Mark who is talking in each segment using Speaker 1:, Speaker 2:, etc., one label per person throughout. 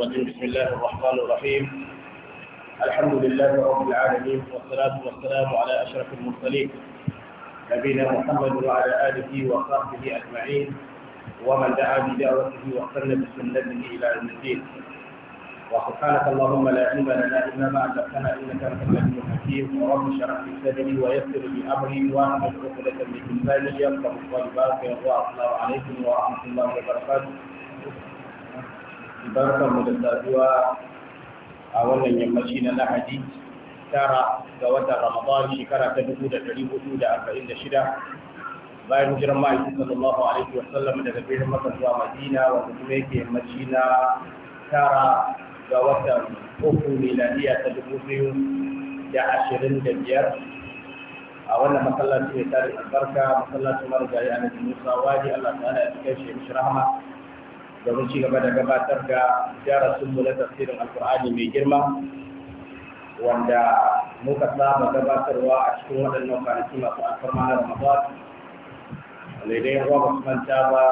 Speaker 1: وجل بسم الله الرحمن الرحيم الحمد لله رب العالمين والصلاة والسلام على أشرف المرسلين نبينا محمد وعلى آله وصحبه أجمعين ومن دعا بدعوته وقرن بسنته إلى يوم الدين وسبحانك اللهم لا علم لنا الا ما علمتنا انك انت العليم الحكيم ورب اشرح لي صدري ويسر لي امري وأحمد عقدة من لساني يفقه قولي بارك الله عليكم ورحمه الله وبركاته mu da saduwa a wannan yammaci na lahadi tara ga watan ramadan shekara ta dubu da ɗari hudu da arba'in da shida bayan hijirar ma'aikin sallallahu alaihi wa sallam daga birnin maka zuwa madina wanda kuma yake yammaci na tara ga watan uku miladiya ta dubu biyu da ashirin da biyar a wannan masallaci mai tarihin barka, masallacin marigayi annabi musa waje allah ta'ala ya kai shi rahama da mun ci gaba da gabatar da darasinmu na tafsirin alkur'ani mai girma wanda muka saba gabatarwa a cikin waɗannan kwanaki masu alfarma na ramadan wanda idan yawa ba su manta ba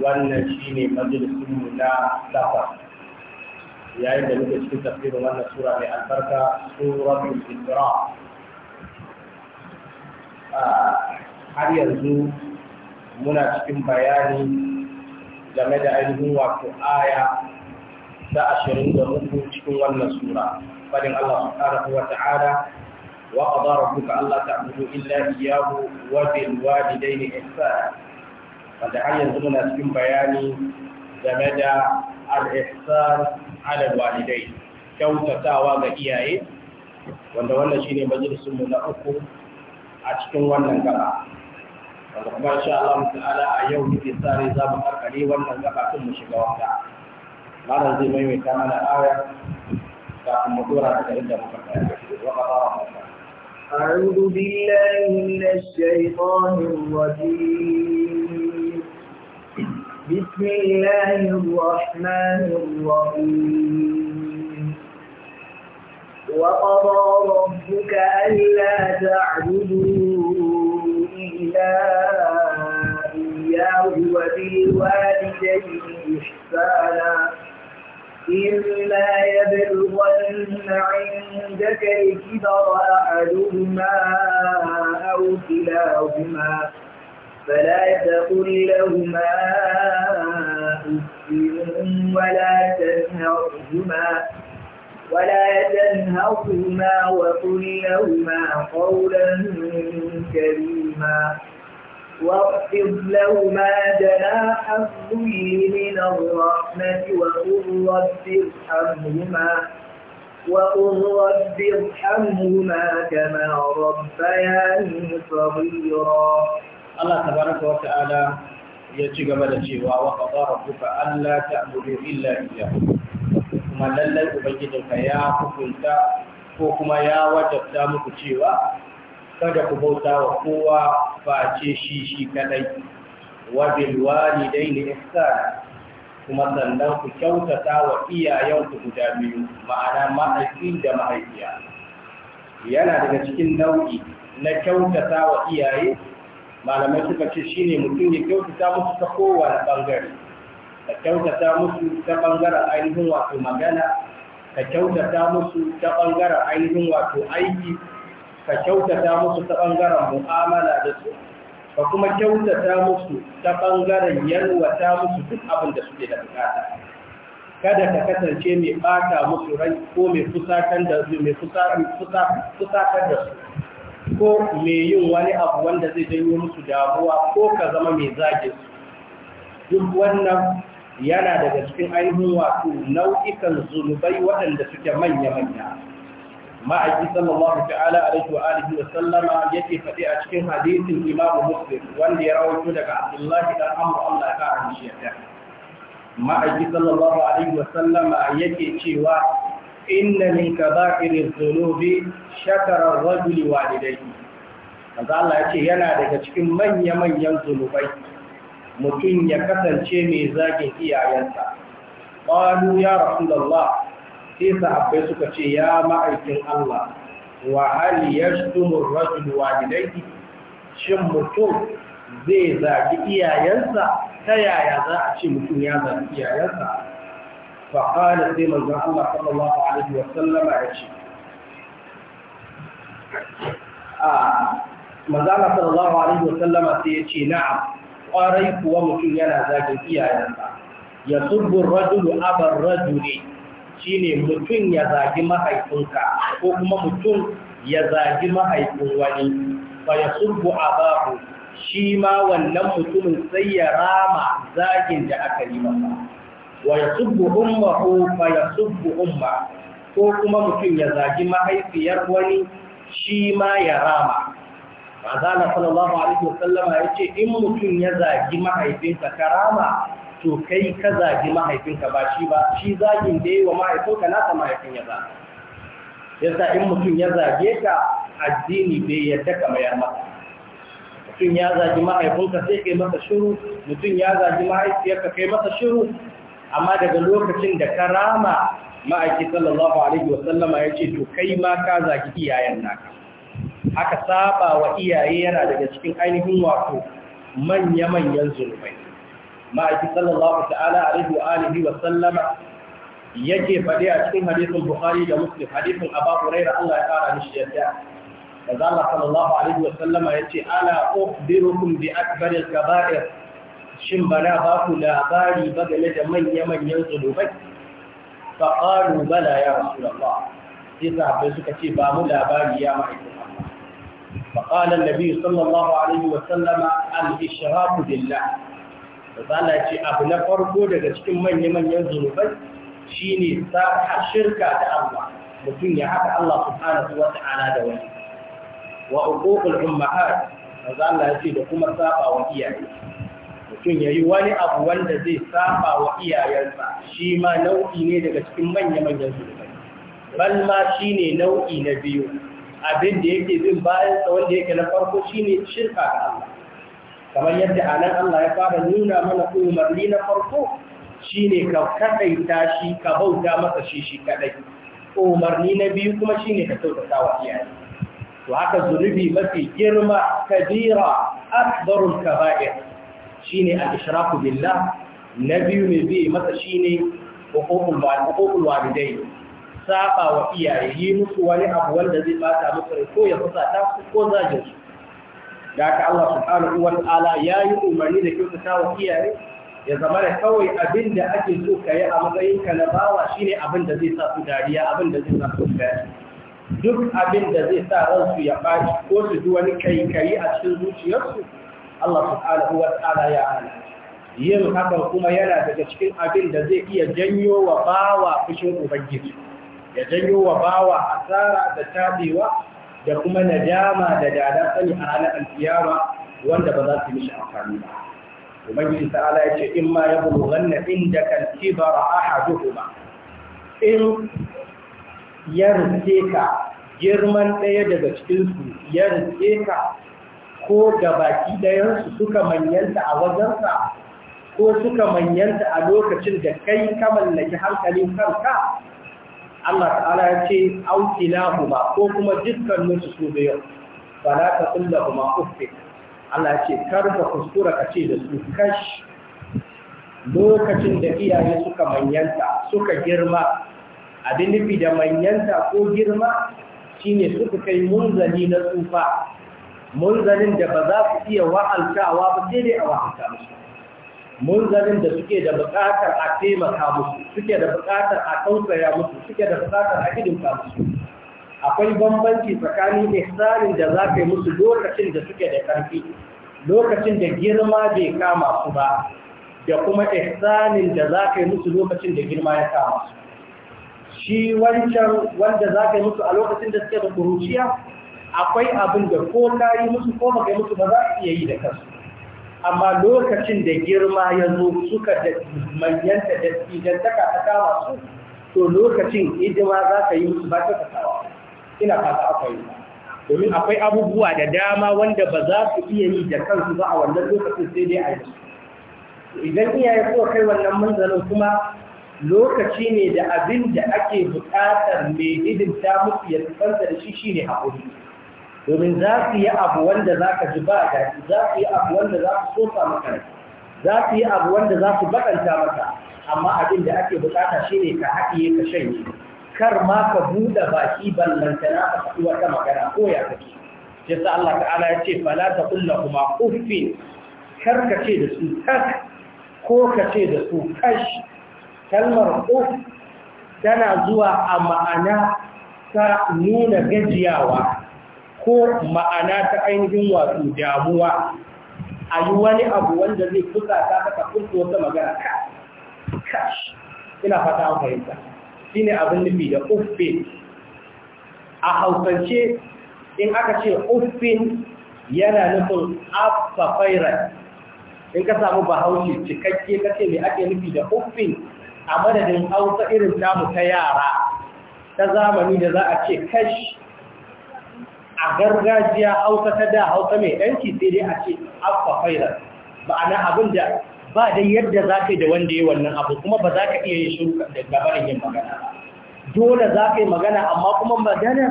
Speaker 1: wannan shi ne shine mu na safar yayin da muka cikin tafsirin wannan sura mai albarka suratul isra ah, har yanzu muna cikin bayani game da ainihin wato aya ta ashirin da uku cikin wannan sura fadin Allah subhanahu wa ta'ala wa qada Allah ta ta'budu illa iyyahu wa bil walidayni wanda har yanzu muna cikin bayani game da al-ihsan ala walidai kyautatawa ga iyaye wanda wannan shine majalisun mu na uku a cikin wannan gaba wanda kuma insha Allah ta'ala a yau muke tsare za mu karkare wannan gaba tun mu shiga wanda malam zai maimaita mana
Speaker 2: aya kafin mu dora daga inda muka tsaya wa qara أعوذ بالله من الشيطان الرجيم بسم الله الرحمن الرحيم وقضى ربك ألا تعبدوا إياه وبالوالدين إحسانا إلا يبلغن عندك الكبر أحدهما أو كلاهما فلا تقل لهما أف ولا تنهرهما ولا تنهرهما وقل لهما قولا كريما واخفض لهما جناح الذل من الرحمة وقل رب ارحمهما وقل رب ارحمهما كما ربياني صغيرا الله تبارك وتعالى يجب على الجواب وقضى ربك ألا تعبدوا إلا إياه
Speaker 1: amma lallai ubangijinka ya hukunta ko kuma ya wajabta muku cewa kada ku bauta wa kowa face shi shi kadai wa bil walidaini ihsan kuma sannan ku kyautata wa iyayenku guda biyu ma'ana mahaifi da mahaifiya yana daga cikin nau'i na kyautata wa iyaye malamai suka ce shine mutum ya kyautata musu ta kowane bangare ka kyautata musu ta ɓangaren ainihin wato magana ka kyautata musu ta ɓangaren ainihin wato aiki ka kyautata musu ta ɓangaren mu'amala da su ka kuma kyautata musu ta ɓangaren yalwata musu duk abin da suke da bukata kada ka kasance mai ɓata musu rai ko mai fusatar da su mai fusatar da su ko mai yin wani abu wanda zai janyo musu damuwa ko ka zama mai zage su duk wannan yana daga cikin ainihin wato nau'ikan zunubai waɗanda suke manya-manya ma'aiki sallallahu ta'ala a wa alihi wa sallama yake faɗi a cikin hadisin imamu muslim wanda ya rawaito daga abdullahi dan amru Allah ka amshi ya ma'aiki sallallahu alaihi wa sallama yake cewa inna min kaba'iri dhunubi shakara ar-rajuli walidayhi kaza Allah yace yana daga cikin manya-manyan zunubai mutum ya kasance mai zagin iyayensa ƙwalu ya rasu da rasulallah sai sahabbai suka ce ya ma'aikin Allah wa hali ya shtumur rajul walidaihi shin mutum zai zagi iyayensa ta yaya za a ce mutum ya zagi iyayensa ba qala sai manzan Allah sallallahu alaihi wa sallama ya ce a ah, mazana sallallahu alaihi wa sallama sai ya ce na'am Kwarai kuwa mutum yana zagin iyayensa ya subbu rajulu abar rajuli shine mutum ya zagi mahaifinka ko kuma mutum ya zagi mahaifin wani fa ya subbu abahu shi ma wannan mutumin sai ya rama zagin da aka yi masa wa ya umma ko fa ya umma ko kuma mutum ya zagi mahaifiyar wani shi ma ya rama azala sallallahu alaihi wasallama ya ce in mutum ya zagi mahaifinka karama to kai ka zagi mahaifinka ba shi ba shi zagin da yi wa mahaifinka nasa mahaifin ya zaga yasa in mutum ya zage ka addini bai yadda ka mayar maka mutum ya zagi mahaifinka sai kai masa shiru mutum ya zagi mahaifiyarka kai masa shiru amma daga lokacin da karama ma'aiki sallallahu alaihi wasallama ya ce to kai ma ka zagi iyayen naka aka saba wa iyaye yana daga cikin ainihin wato manya-manyan zunubai ma'aikin sallallahu ta'ala alaihi wa alihi wa sallama yake faɗi a cikin hadisin bukhari da muslim hadisin abu hurairah Allah ya kara mishi yadda da Allah sallallahu alaihi wa sallama yace ala ukhbirukum bi akbar al-kaba'ir shin bana ba ku labari ba game da manya-manyan zunubai fa qalu bala ya rasulullah sai sahabbai suka ce ba mu labari ya ma'aikata. فقال النبي صلى الله عليه وسلم الإشراك بالله فقال أبو نفر daga cikin من manyan ينزل بس شيني shirka da الله mutum ya haɗa Allah subhanahu wa ta'ala da wani wa uququl ummahat manzo Allah yace da kuma saba wa iyaye mutum yayi wani abu wanda zai saba wa iyayensa shi ma nau'i ne daga cikin manya manyan zunubai bal ma shine nau'i na biyu abin da yake bin bayan wanda yake na farko shine shirka ga Allah
Speaker 2: kamar yadda anan Allah
Speaker 1: ya fara nuna mana umarni na farko shine ka kadaita shi ka bauta masa shi shi kadai umarni na biyu kuma shine ka kyautata wa iyaye to haka zunubi mafi girma kabira akbarul kaba'ir shine al-ishraku billah na biyu mai bi masa shine huququl walidai saba wa iyaye yi musu wani abu wanda zai bata musu ko ya fusa ta ko zagin su da ka Allah subhanahu wa ta'ala ya yi umarni da ta wa iyaye ya zama da kawai abin da ake so ka yi a matsayin ka na bawa shine abin da zai sa su dariya abin da zai sa su dariya duk abin da zai sa su ya ɓaci ko su ji wani kai-kai a cikin zuciyarsu Allah subhanahu wa ta'ala ya hana yin hakan kuma yana daga cikin abin da zai iya janyo wa bawa fushin ubangiji ya janyo wa bawa asara da tabewa da kuma nadama da dada sani a ranar alkiyama wanda ba za su mishi amfani ba ubangiji ta'ala ya ce in ma ya bulughanna indaka al-kibara ba. in ya rike ka girman ɗaya daga cikinsu ya rike ka ko da baki ɗayansu su suka manyanta a wajensa ko suka manyanta a lokacin da kai ka mallaki hankalin kanka Allah ta'ala ya ce au kilahuma ko kuma dukkan musu su biyu fala ta kullahuma uffi Allah ya ce kar ka kuskura ka ce da su kash lokacin da iyaye suka manyanta suka girma abin nufi da manyanta ko girma shine suka kai munzali na tsufa munzalin da ba za ku iya wa'altawa ba sai dai a wa'alta musu munzarin da suke da buƙatar a taimaka musu suke da buƙatar a tausaya musu suke da bukatar a hidimta musu akwai bambanci tsakanin ihsanin da za ka yi musu lokacin da suke da ƙarfi lokacin da girma bai kama su ba da kuma ihsanin da za ka yi musu lokacin da girma ya kama su shi wancan wanda za ka yi musu a lokacin da suke da kuruciya akwai abin da ko ka yi musu ko ba ka yi musu ba za su iya yi da kansu amma lokacin da girma ya zo suka da manyanta da idan ta ka kama su to lokacin hidima za ka yi ba ta kasawa ina fata akwai domin akwai abubuwa da dama wanda ba za su iya yi da kansu ba a wannan lokacin sai dai a yi idan iyaye suka kai wannan manzalin kuma lokaci ne da abin da ake buƙatar mai hidimta musu ya tsanta da shi shine haƙuri domin za su yi abu wanda za ka ji ba daɗi za su yi abu wanda za su sosa maka za su yi abu wanda za su baɗanta maka amma abin da ake bukata shi ne ka haɗiye ka shanye kar ma ka buɗe baki ballantana a faɗi wata magana ko ya kake ya sa Allah ta'ala ya ce fala ta kulla kuma uffin kar ka ce da su tak ko ka ce da su kash kalmar uff tana zuwa a ma'ana ta nuna gajiyawa ko ma'ana ta ainihin wato damuwa a yi wani abu wanda zai kusa ta haka wata magana kash ina fata an fahimta shi ne abin nufi da uffin a hausance in aka ce uffin yana nufin afta in ka samu bahaushe cikakke ka ce mai ake nufi da uffin a madadin hausa irin tamu ta yara ta zamani da za a ce kashi. a gargajiya hausa ta da hausa mai ɗanki sai dai a ce akwa fairar ma'ana abin da ba da yadda za ka yi da wanda ya wannan abu kuma ba za ka iya yin shiru da gabanin yin magana dole za ka yi magana amma kuma magana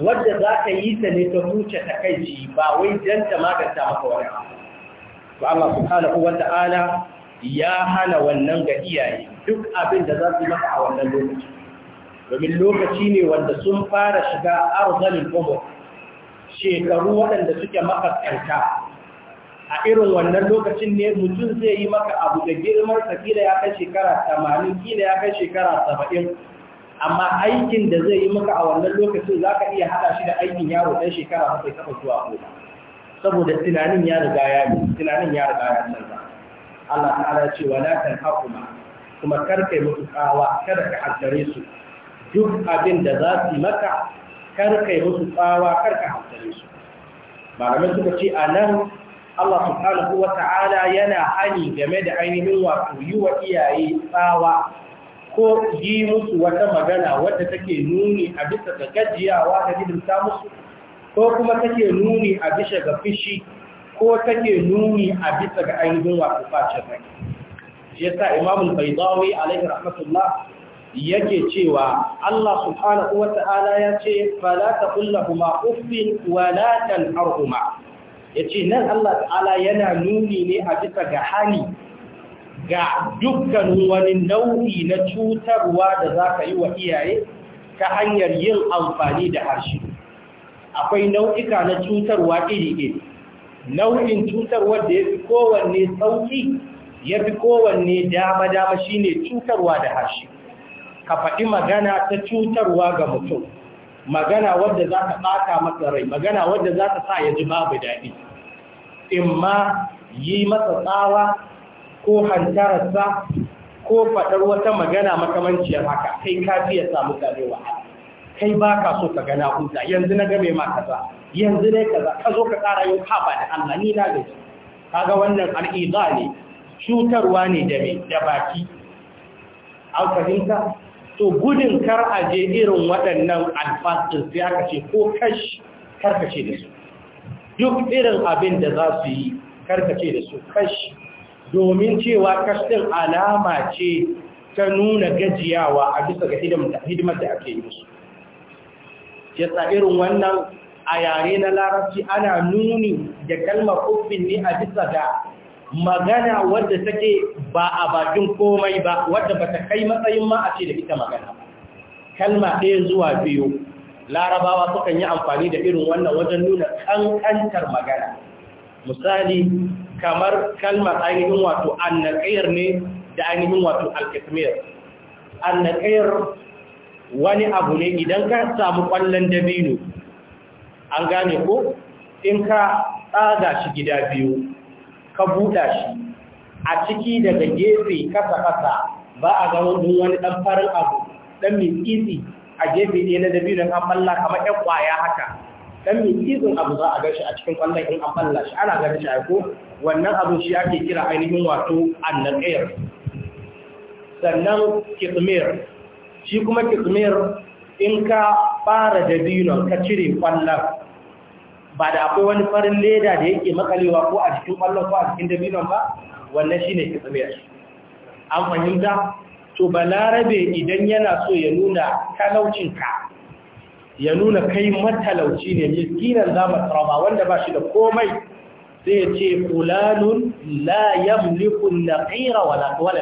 Speaker 1: wadda za ka yi ta ne ta huce ta kai ji ba wai don ta maganta maka wani abu ba Allah subhanahu wa ta'ala ya hana wannan ga iyaye duk abin da za su maka a wannan lokaci domin lokaci ne wanda sun fara shiga arzalin umar shekaru waɗanda suke makasanta a irin wannan lokacin ne mutum zai yi maka abu da girmarsa kila ya kai shekara tamanin, kila ya kai shekara saba'in. amma aikin da zai yi maka a wannan lokacin za ka iya haɗa shi da aikin yaro ɗan shekara bakwai taɓa zuwa goma saboda tunanin ya riga ya yi tunanin ya riga ya canza Allah ta'ala ce wa kan hakuma kuma kar kai musu kada ka addare su duk abin da za su maka kar yi musu tsawa kar ka hankali su malamai suka ce a nan Allah subhanahu wa ta'ala yana hani game da ainihin wato yi wa iyaye tsawa ko yi musu wata magana wadda take nuni a bisa ga gajiyawa da musu ko kuma take nuni a bisa ga fishi ko take nuni a bisa ga ainihin wato facin rai shi yasa imamul baydawi alaihi rahmatullah yake cewa Allah subhanahu wa ta'ala ya ce fala taqul lahumu uffin wa la Ya yace nan Allah ta'ala yana nuni ne a bisa ga hali ga dukkan wani nau'i na cutarwa da zaka yi wa iyaye ta hanyar yin amfani da harshe akwai nau'ika na cutarwa iri-iri nau'in cutarwa da ya fi kowanne sauƙi ya fi kowanne dama-dama shi ne cutarwa da harshe ka faɗi magana ta cutarwa ga mutum magana wadda za ta ɓata masa rai magana wadda za ta sa ya ji babu daɗi in ma yi masa tsawa ko hantararsa ko faɗar wata magana makamanciyar haka kai ka fiye samu gane wahala kai ba ka so ka gana hunta yanzu na game ma kaza yanzu ne kaza ka zo ka ƙara yin haɓa da Allah ni na gaji kaga wannan al'iza ne cutarwa ne da mai da baki an to gudun kar a je irin waɗannan alfasin sai aka ce ko kash karkace da su duk irin abin da za su yi karkace da su kash domin cewa kash alama ce ta nuna gajiyawa a bisa ga hidimar da ake yi musu sa irin wannan a yare na larabci ana nuni da kalmar kufin ne a bisa ga magana wadda take ba a bakin komai ba wadda ba ta kai matsayin ma a ce da ita magana kalma ɗaya zuwa biyu larabawa sukan yi amfani da irin wannan wajen nuna kankantar magana misali kamar kalmar ainihin wato annakayar ne da ainihin wato alkismir annakayar wani abu ne idan ka samu ƙwallon dabino an gane ko in ka tsaga shi gida biyu ka buɗa shi a ciki daga gefe kasa-kasa ba a gano ga wani ɗan farin abu ɗan mai a gefe ɗaya na dabino an balla kamar ƴan ƙwaya haka ɗan mai abu za a ga shi a cikin ƙwallon in an shi ana ganin shi ko wannan abu shi ake kira ainihin wato annaƙayar sannan kitmir shi kuma kitmir in ka fara dabinin ka cire ƙwallon ba da akwai wani farin leda da yake makalewa ko a cikin ƙwallon ko a cikin dabinon ba wannan shi ne kitsamiyar an fahimta to balarabe idan yana so ya nuna talaucinka ya nuna kai matalauci ne miskinan zama tsarama wanda ba shi da komai sai ya ce fulanun la na kira wala wala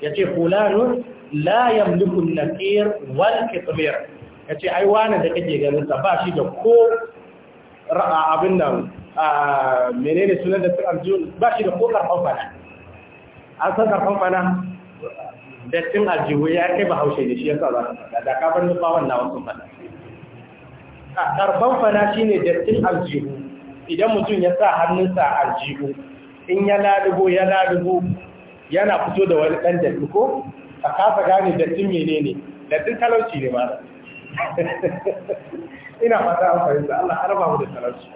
Speaker 1: ya ce fulanun la na kira wal kitmir ka ce ai wani da kake ganin sa ba shi da ko ra'a abin nan a menene sunan da su aljihun ba shi da ko karfan fana an san karfan fana dattin aljihu ya kai ba haushe da shi ya sa za ka fada da kafin nufa wannan wasu fana. karfan fana da dattin aljihu idan mutum ya sa hannunsa aljihu in ya lalubo ya lalubo yana fito da wani ɗan datti ko a kafa gane dattin menene dattin talauci ne ma ina fata an fahimta Allah ka raba mu da talauci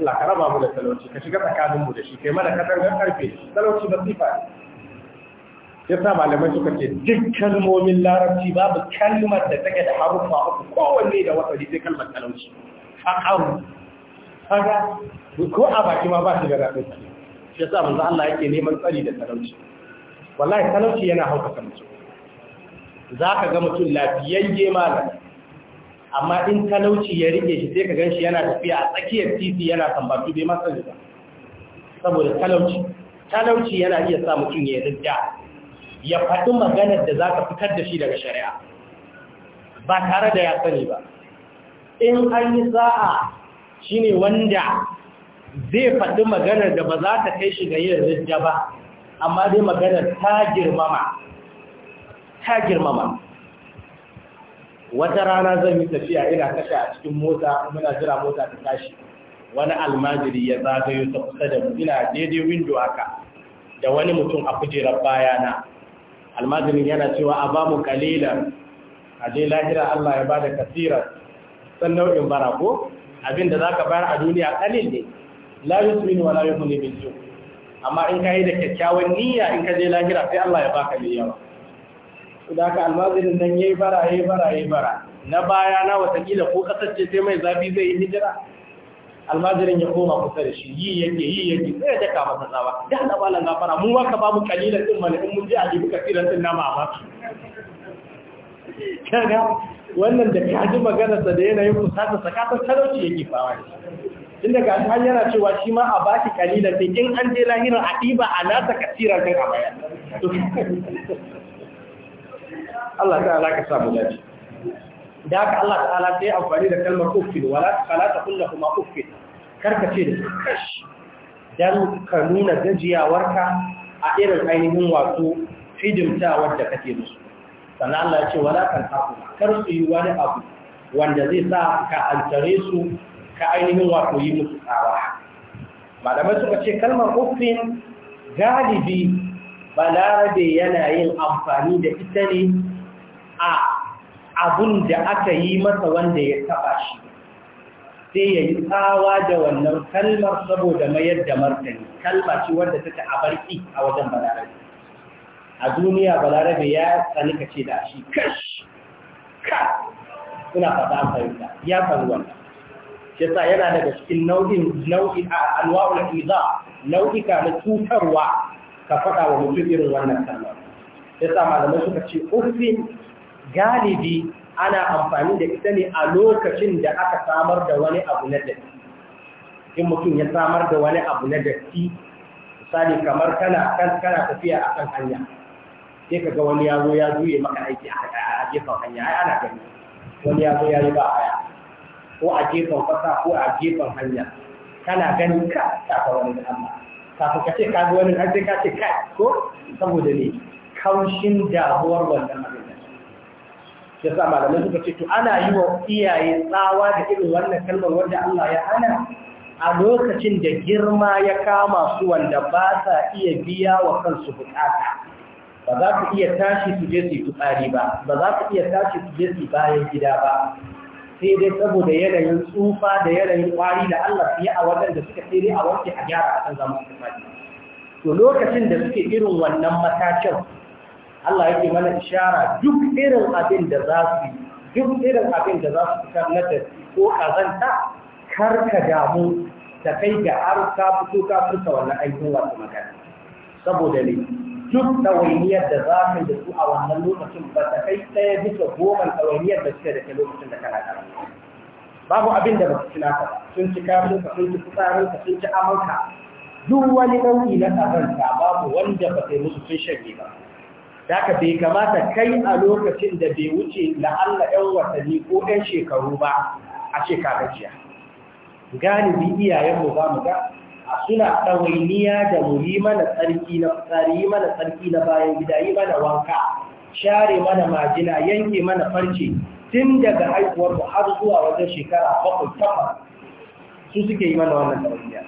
Speaker 1: Allah ka raba mu da talauci ka shiga tsakanin mu da shi kai mana katangar karfe talauci ba sifa ne ya sa malamai suka ce duk kalmomin larabci babu kalmar da take da haruffa uku kowanne da wata sai kalmar talauci faqaru kaga ko a baki ma ba shi da rafin sa ya sa manzo Allah yake neman tsari da talauci wallahi talauci yana hauka mutum ka ga mutum lafiyayye malam amma in talauci ya rike shi sai ka gan shi yana tafiya a tsakiyar titi yana tambatu, bai masa ba saboda talauci talauci yana iya sa mutum ya rinja ya faɗi maganar da za ka fitar da shi daga shari'a ba tare da ya sani ba in an yi sa'a shine wanda zai faɗi maganar da ba za ta kai shi ga yin rinja ba amma dai maganar ta girmama ta girmama wata rana zan yi tafiya ina kashe a cikin mota muna jira mota ta tashi wani almajiri ya zagayo ta kusa da ina daidai windo haka da wani mutum a kujerar bayana almajirin yana cewa a bamu kalilan a je lahira Allah ya bada kasirar san nau'in bara ko abin da zaka bayar a duniya kalil ne la yusmin wa la yughni min amma in kai da kyakkyawan niyya in ka je lahira sai Allah ya baka mai yawa da aka almazirin nan ya yi bara ya yi bara ya yi bara na baya na watakila ko kasance sai mai zafi zai yi hijira almazirin ya koma kusa da shi yi yake yi yake sai ya daka masa tsawa da hada nan gafara mun waka ba mu kalilan din mana in mun ji a jibi tiran din nama ba kaga wannan da ka ji magana sa da yanayin kusa sa ka talauci yake fawa inda ga har yana cewa shi ma a baki kalilan sai in an je lahirin a diba a nasa kasiran din a bayan. Allah ta'ala ka samu dace da haka Allah ta'ala sai amfani da kalmar uffin wala kala ta kulla kuma uffin karka ce da kash dan ka nuna gajiyawarka a irin ainihin wato hidimtawar ka kake musu sannan Allah ya ce wala kan haku kar su yi wani abu wanda zai sa ka altare su ka ainihin wato yi musu tsawa malamai suka ce kalmar uffin galibi balarabe yana yin amfani da ita ne a abun da aka yi masa wanda ya taba shi sai ya yi tsawa da wannan kalmar saboda mayar da martani kalma ce wanda take a barki a wajen balarabe a duniya balarabe ya tsani ka ce da shi kash ka suna fata an fahimta ya faru wannan shi yasa yana daga cikin nau'in nau'in a alwa'ul iza nau'ika na cutarwa ka faɗa wa mutum irin wannan kalmar yasa malamai suka ce uffin galibi ana amfani da ita ne a lokacin da aka samar da wani abu na datti in mutum ya samar da wani abu na datti misali kamar kana kana tafiya a kan hanya sai ka ga wani yazo ya juye maka aiki a gefen hanya ai ana gani wani yazo ya yi ba haya ko a gefen fasa ko a gefen hanya kana ganin ka tafa wani da Allah kafin ka ce ka ga wani har sai ka ce kai ko saboda ne kaushin damuwar wannan abin ya sa malamai suka ce to ana yi wa iyaye tsawa da irin wannan kalmar wanda Allah ya hana a lokacin da girma ya kama su wanda ba sa iya biya wa kansu bukata ba za su iya tashi su je su fitsari ba ba za su iya tashi su je su bayan gida ba sai dai saboda yanayin tsufa da yanayin kwari da Allah fiye a waɗanda suka tsere a wanke a gyara a kan zama su to lokacin da suke irin wannan matakin Allah yake mana ishara duk irin abin da za su duk irin abin da za su fitar na tafi ko kazanta kar ka damu da kai da har ka fito ka furta wannan aikin wasu magana saboda ne duk ɗawainiyar da za ka da su a wannan lokacin ba ta kai ɗaya bisa goma ɗawainiyar da suke da ke lokacin da kana karatu babu abin da ba su cina ka sun ci kafin ka sun ci fitsarin ka sun ci amurka
Speaker 2: duk wani ɗauki na
Speaker 1: kazanta babu wanda ba sai musu sun shanye ba da ka bai kamata kai a lokacin da bai wuce la'alla 'yan watanni ko 'yan shekaru ba a shekarar jiya? gajiya galibi iyayenmu ba mu ga suna ɗawainiya da mu yi mana tsarki na fitsari yi mana tsarki na bayan gida yi mana wanka share mana majina yanke mana farce tun daga haihuwar mu har zuwa wajen shekara bakwai takwas su suke yi mana wannan ɗawainiya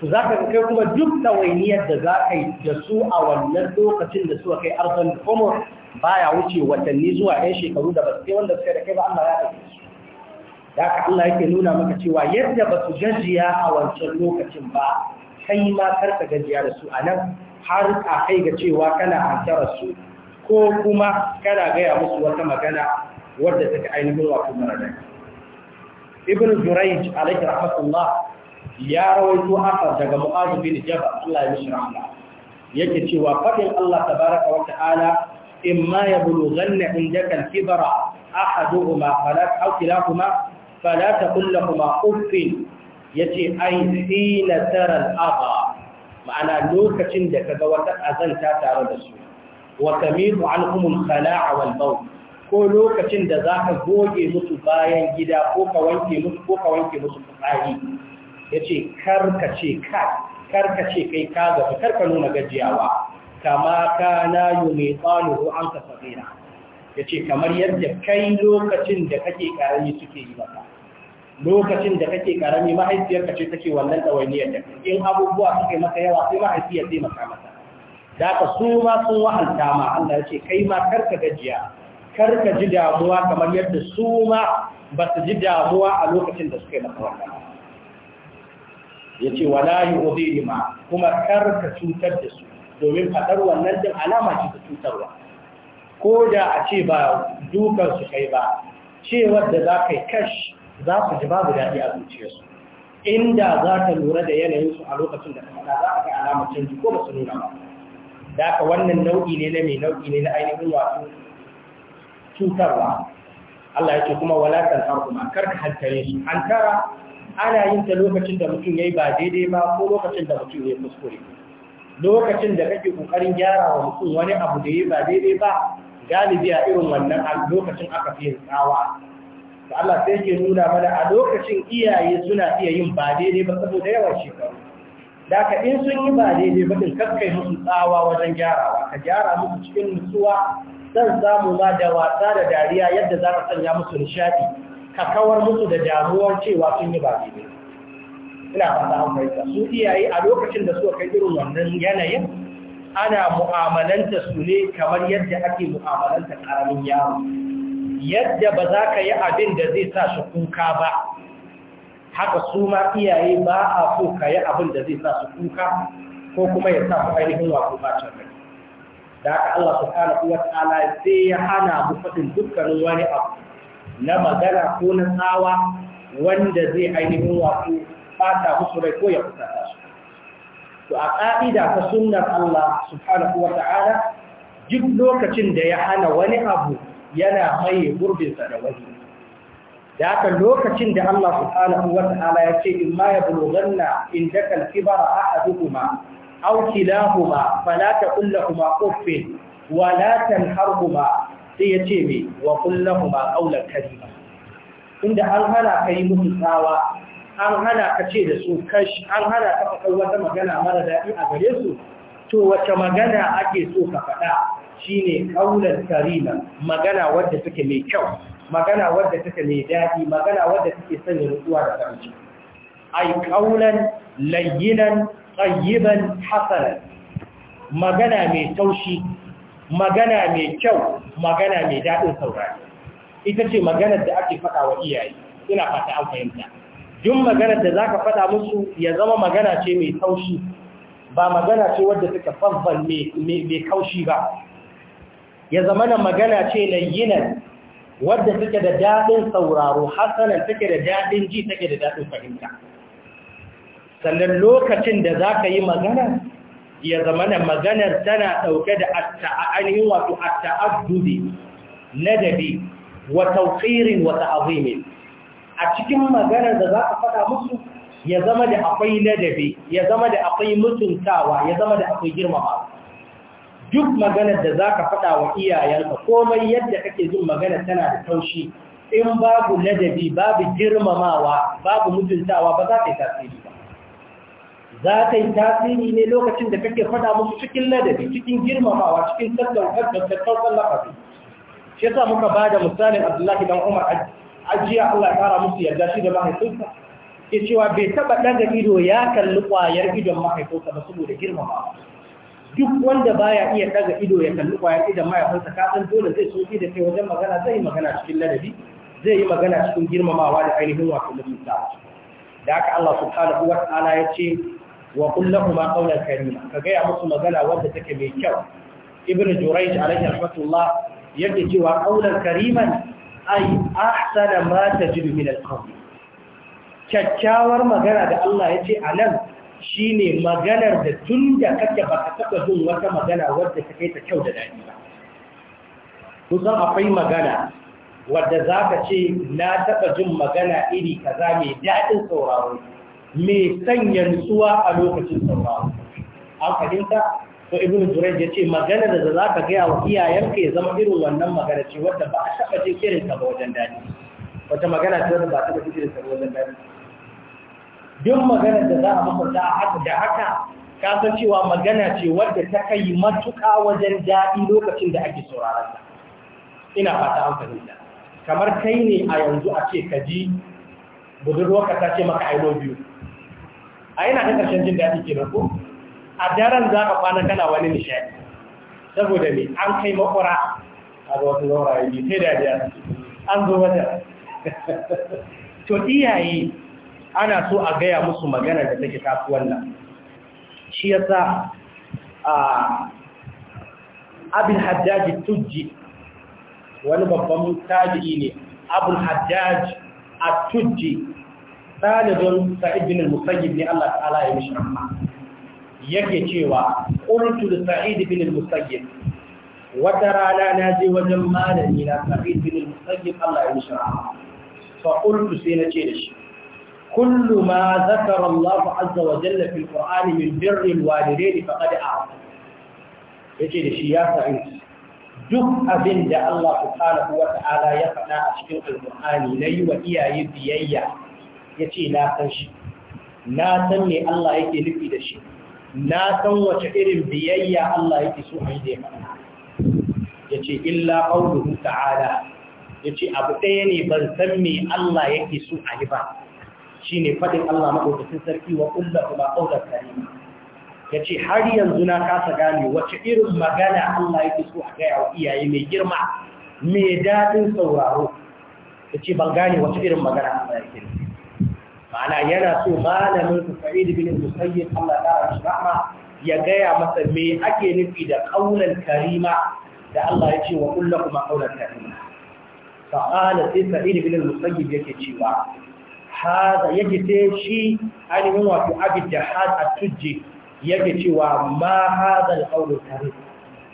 Speaker 1: to za ka kai kuma duk ɗawainiyar da za ka yi da su a wannan lokacin da suka kai arzon da kuma ya wuce watanni zuwa ɗan shekaru da ba wanda suka da kai ba Allah ya ɗauke su da ka Allah yake nuna maka cewa yadda ba su gajiya a wancan lokacin ba kai ma karka gajiya da su a nan har a kai ga cewa kana hantara su ko kuma kana gaya musu wata magana wadda take ainihin wato mara da Ibn Jurayj alaihi rahmatullah ya rawaito asar daga mu'azu bin jabal Allah ya yake cewa fadin Allah tabaraka wa ta'ala imma yablughanna indaka al-kibra ahaduhuma fala aw kilahuma fala taqul uff yace ai hina tara al-adha ma'ana lokacin da kaga wata azanta tare da su wa tamidu anhum al-khala'a wal ko lokacin da za ka goge musu bayan gida ko ka wanke musu ko ka wanke musu fitsari ya ce karkace ka karkace kai ka gaba karka nuna gajiyawa kama ka na yi mai tsalo an ka sabira ya ce kamar yadda kai lokacin da kake karami suke yi maka lokacin da kake karami mahaifiyarka ce take wannan ɗawainiyar da in abubuwa suke maka yawa sai mahaifiyar zai maka mata da ka su ma sun wahalta ma Allah ya ce kai ma karka gajiya karka ji damuwa kamar yadda su ma ba su ji damuwa a lokacin da suka yi maka wannan ya ce wala ma kuma kar ka cutar da su domin faɗar wannan din alama ce ta cutarwa ko da a ce ba dukan su kai ba cewar da za ka yi kash za su ji babu daɗi a zuciyarsu inda za ta lura da yanayinsu a lokacin da kamar za a ga alamar canji ko ba su nuna ba da ka wannan nau'i ne na mai nau'i ne na ainihin wato cutarwa Allah ya ce kuma walakan harkuma karka hantare su hantara ana yin ta lokacin da mutum ya yi ba daidai ba ko lokacin da mutum ya kuskure lokacin da kake ƙoƙarin gyara wa mutum wani abu da ya yi ba daidai ba galibi a irin wannan lokacin aka fi yin tsawa da Allah sai ke nuna mana a lokacin iyaye suna iya yin ba daidai ba saboda yawan shekaru da ka in sun yi ba daidai ba din kakkai musu tsawa wajen gyarawa ka gyara musu cikin nutsuwa zan samu ma da wasa da dariya yadda za ka sanya musu nishaɗi. a kawar musu da damuwar cewa sun yi ba ne? ina fata an fahimta su iyaye a lokacin da suka kai irin wannan yanayin ana mu'amalanta su ne kamar yadda ake mu'amalanta karamin yaro yadda ba za ka yi abin da zai sa shi kuka ba haka su ma iyaye ba a so ka yi abin da zai sa su kuka ko kuma ya sa su ainihin wato bacin rai da aka Allah kana kuwa ta'ala sai ya hana mu faɗin dukkanin wani abu na magana ko na tsawa wanda zai ainihin wato fata musu rai ko ya fusata su to a ƙa'ida ta sunan Allah subhanahu wa ta'ala duk lokacin da ya hana wani abu yana maye gurbinsa da wani da haka lokacin da Allah subhanahu wa ta'ala ya ce in ma ya bulughanna in dakal kibara ahaduhuma aw kilahuma fala taqul lahumā uffin wa la tanharhumā sai ya ce mai wa kullahu ba ƙaular karima inda an hana ka yi musu tsawa an hana ka ce da su kashi an hana ka faɗar wata magana mara daɗi a gare su to wata magana ake so ka faɗa shine ƙaunar karima magana wadda take mai kyau magana wadda take mai daɗi magana wadda take sanya rutsuwa da ƙarfi ai ƙaunar layyinan tsayyiban hasanan magana mai taushi magana mai kyau magana mai daɗin saurari ita ce maganar da ake faɗa wa iyaye ina fata an fahimta duk maganar da za ka faɗa musu ya zama magana ce mai taushi ba magana ce wadda suka fabbal mai kaushi ba ya zama na magana ce na layyinan wadda suke da daɗin sauraro hasanan take da daɗin ji take da daɗin fahimta sannan lokacin da za ka yi magana ya zamana maganar tana ɗauke da ainihin wato atta'addudi ladabi wa tawqirin wa ta'zimin a cikin maganar da
Speaker 2: za ka faɗa musu ya zama da
Speaker 1: akwai ladabi ya zama da akwai mutuntawa ya zama da akwai girmama duk maganar da za ka faɗa wa iyayenka komai yadda kake jin maganar tana da taushi in babu ladabi babu girmamawa babu mutuntawa ba za ta yi tasiri ba za ka yi tasiri ne lokacin da kake faɗa musu cikin ladabi cikin girmamawa cikin tattaukan lafafi shi yasa muka ba da misalin abdullahi dan umar ajiya allah ya kara musu yarda shi da mahaifinsa ke cewa bai taɓa ɗaga ido ya kalli ƙwayar idon mahaifinsa ba saboda girmamawa duk wanda baya iya ɗaga ido ya kalli ƙwayar idon mahaifinsa kafin dole zai soki da kai wajen magana zai yi magana cikin ladabi zai yi magana cikin girmamawa da ainihin wato mutunta da haka allah subhanahu wa ta'ala ya ce wa kullahuma qawlan karima ka gaya musu magana wanda take mai kyau ibnu jurayj alaihi rahmatullah yake cewa qawlan kariman ay ahsana ma tajidu min alqawl kyakkyawar magana da Allah yace anan shine maganar da tunda kake baka taba jin wata magana wanda take ta kyau da dadi ba kusan akwai magana wanda zaka ce na taba jin magana iri kaza mai dadin sauraro mai sanya nutsuwa a lokacin sauraro an fahimta to ibn jurai ya ce magana da za ka gaya wa iyayenka ya zama irin wannan magana ce wadda ba a taɓa ce kirin ta ba wajen daɗi wata magana ce wadda ba a taɓa kirin ta ba wajen daɗi duk magana da za a mafarta a haka da haka ka san cewa magana ce wadda ta kai matuƙa wajen daɗi lokacin da ake sauraron ta ina fata an fahimta kamar kai ne a yanzu a ce ka ji ka ta ce maka i love you a yana ta ƙarshen jin daɗi ke ko a daren za ka kwana kana wani nishaɗi saboda mai an kai makwara a ga wasu zauraye ne sai da biya an zo wajen to iyaye ana so a gaya musu magana da take tafi wannan shi yasa a abin hajjaji tujji wani babban tabi'i ne abin hajjaji a tujji ɗalibin sa'id bin al-musayyib ne Allah ta'ala ya mishi amma yake cewa qultu li sa'id bin al-musayyib wata rana na je wajen malami na sa'id bin al-musayyib Allah ya mishi amma fa qultu sai na ce da shi kullu ma zakara Allah azza wa jalla fil qur'ani min birnin birri al-walidayn a a'ta yace da shi ya sa'id duk abin da Allah subhanahu wa ta'ala ya faɗa a cikin alƙur'ani na yi wa iyaye biyayya ya ce na san shi na san me Allah yake nufi da shi na san wace irin biyayya Allah yake so a yi da ya ce illa ƙaunuhu ta'ala ya ce abu ɗaya ne ban san me Allah yake so a yi ba shi ne faɗin Allah maɗaukacin sarki wa ƙulla kuma ƙaunar karima ya ce har yanzu na kasa gane wace irin magana Allah yake so a gaya wa iyaye mai girma mai daɗin sauraro ya ce ban gane wace irin magana Allah yake nufi ma'ana yana so malamin su sa'id bin musayyib Allah ta rahma ya gaya masa me ake nufi da qaulan karima da Allah ya ce wa kullakum qaulan karima fa qala sa'id bin musayyib yake cewa hada yake ce shi ainihin wato abid jahad at-tujji yake cewa ma hada al-qawl karim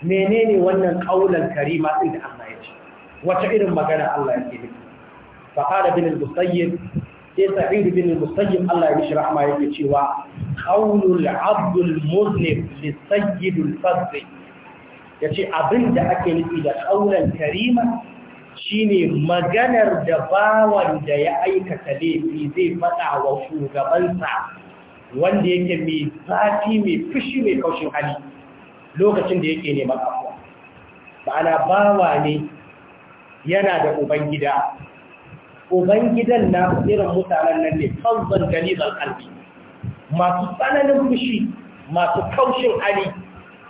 Speaker 1: menene wannan qaulan karima din da Allah ya ce wata irin magana Allah yake nufi fa qala bin al-musayyib sai sa'id bin musayyib Allah ya mishi rahama yake cewa qaulul abdul muznib li sayyid da fadl yace abinda ake nufi da qaulan karima shine maganar da bawan da ya aikata laifi zai fada wa shugabansa wanda yake mai zafi mai fushi mai kaushin hali lokacin da yake neman afuwa ba'ana bawa ne yana da ubangida ubangidan na irin mutanen nan ne kanzan galizar kalbi masu tsananin fushi masu kaushin ali,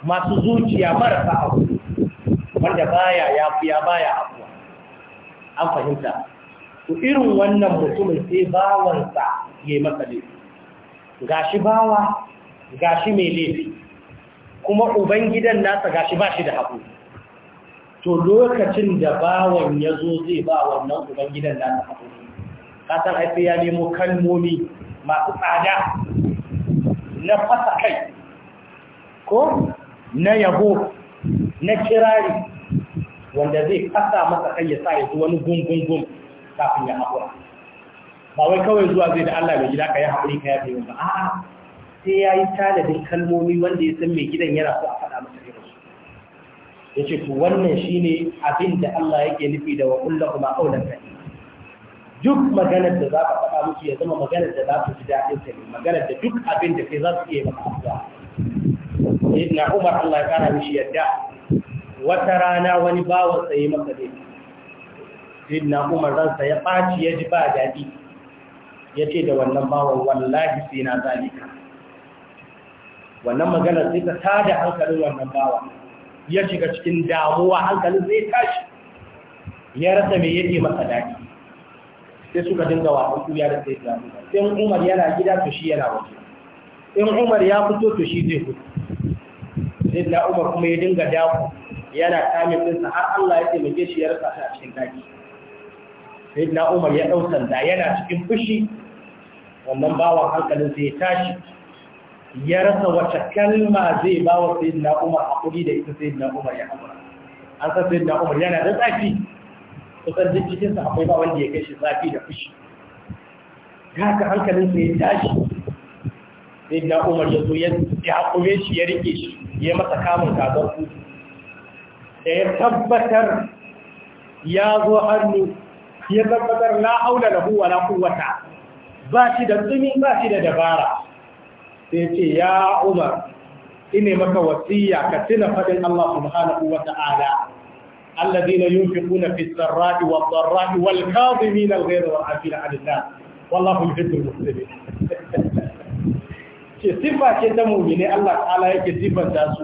Speaker 1: masu zuciya marasa abu wanda baya ya fiya baya abuwa an fahimta to irin wannan mutumin sai bawansa ya yi masa gashi bawa gashi mai laifi kuma ubangidan nasa gashi ba shi da haƙuri to lokacin da bawan ya zo zai ba wannan ubangidan da ta kasar haifi ya nemo kalmomi masu tsada na fasa kai ko na yabo na kirari wanda zai fasa masa kai ya sa ya zuwa wani gungungun kafin ya haƙura ba wai kawai zuwa zai da Allah mai gida ka yi haƙuri ka yafe ba a'a sai ya yi tanadin kalmomi wanda ya san mai gidan yana so a faɗa masa yace to wannan shine abin da Allah yake nufi da wa kullu kuma qawlan ne. duk maganar da za ka faɗa musu ya zama maganar da za su ji daɗin ta ne maganar da duk abin da kai za su iya maka addu'a na Umar Allah ya kara mishi yadda wata rana wani bawan tsaye masa dai na Umar ransa ya ɓaci ya ji ba daɗi ya ce da wannan bawan wallahi sai na zalika wannan magana sai ta tada hankalin wannan bawan ya shiga cikin damuwa hankalin zai tashi ya rasa mai yake masa daki sai suka dinga wasan kuya da sai da in umar yana gida to shi yana waje in umar ya fito to shi zai fito sai da umar kuma ya dinga dako yana kamin ɗinsa har Allah ya taimake shi ya rasa shi a cikin daki sai da umar ya ɗau sanda yana cikin fushi wannan bawan hankalin sai ya tashi ya rasa wata kalma zai ba wa sayin na umar haƙuri da ita sayin na umar ya amura an san sayin na umar yana da zafi kusan jikinsa akwai ba wanda ya kai tsafi zafi da fushi ta haka hankalin ya tashi sayin na umar ya zo ya haƙure shi ya rike shi ya masa kamun kazan ku, da ya tabbatar ya zo hannu ya tabbatar la haula lahu wala quwwata ba shi da tsumi ba shi da dabara sai ce ya umar ine maka wasiya ka tuna fadin Allah subhanahu wa ta'ala الذين ينفقون في السراء والضراء والكاظمين الغيظ والعافين عن الناس والله يحب المسلمين ke sifa ce ta mumine Allah ta'ala yake sifanta su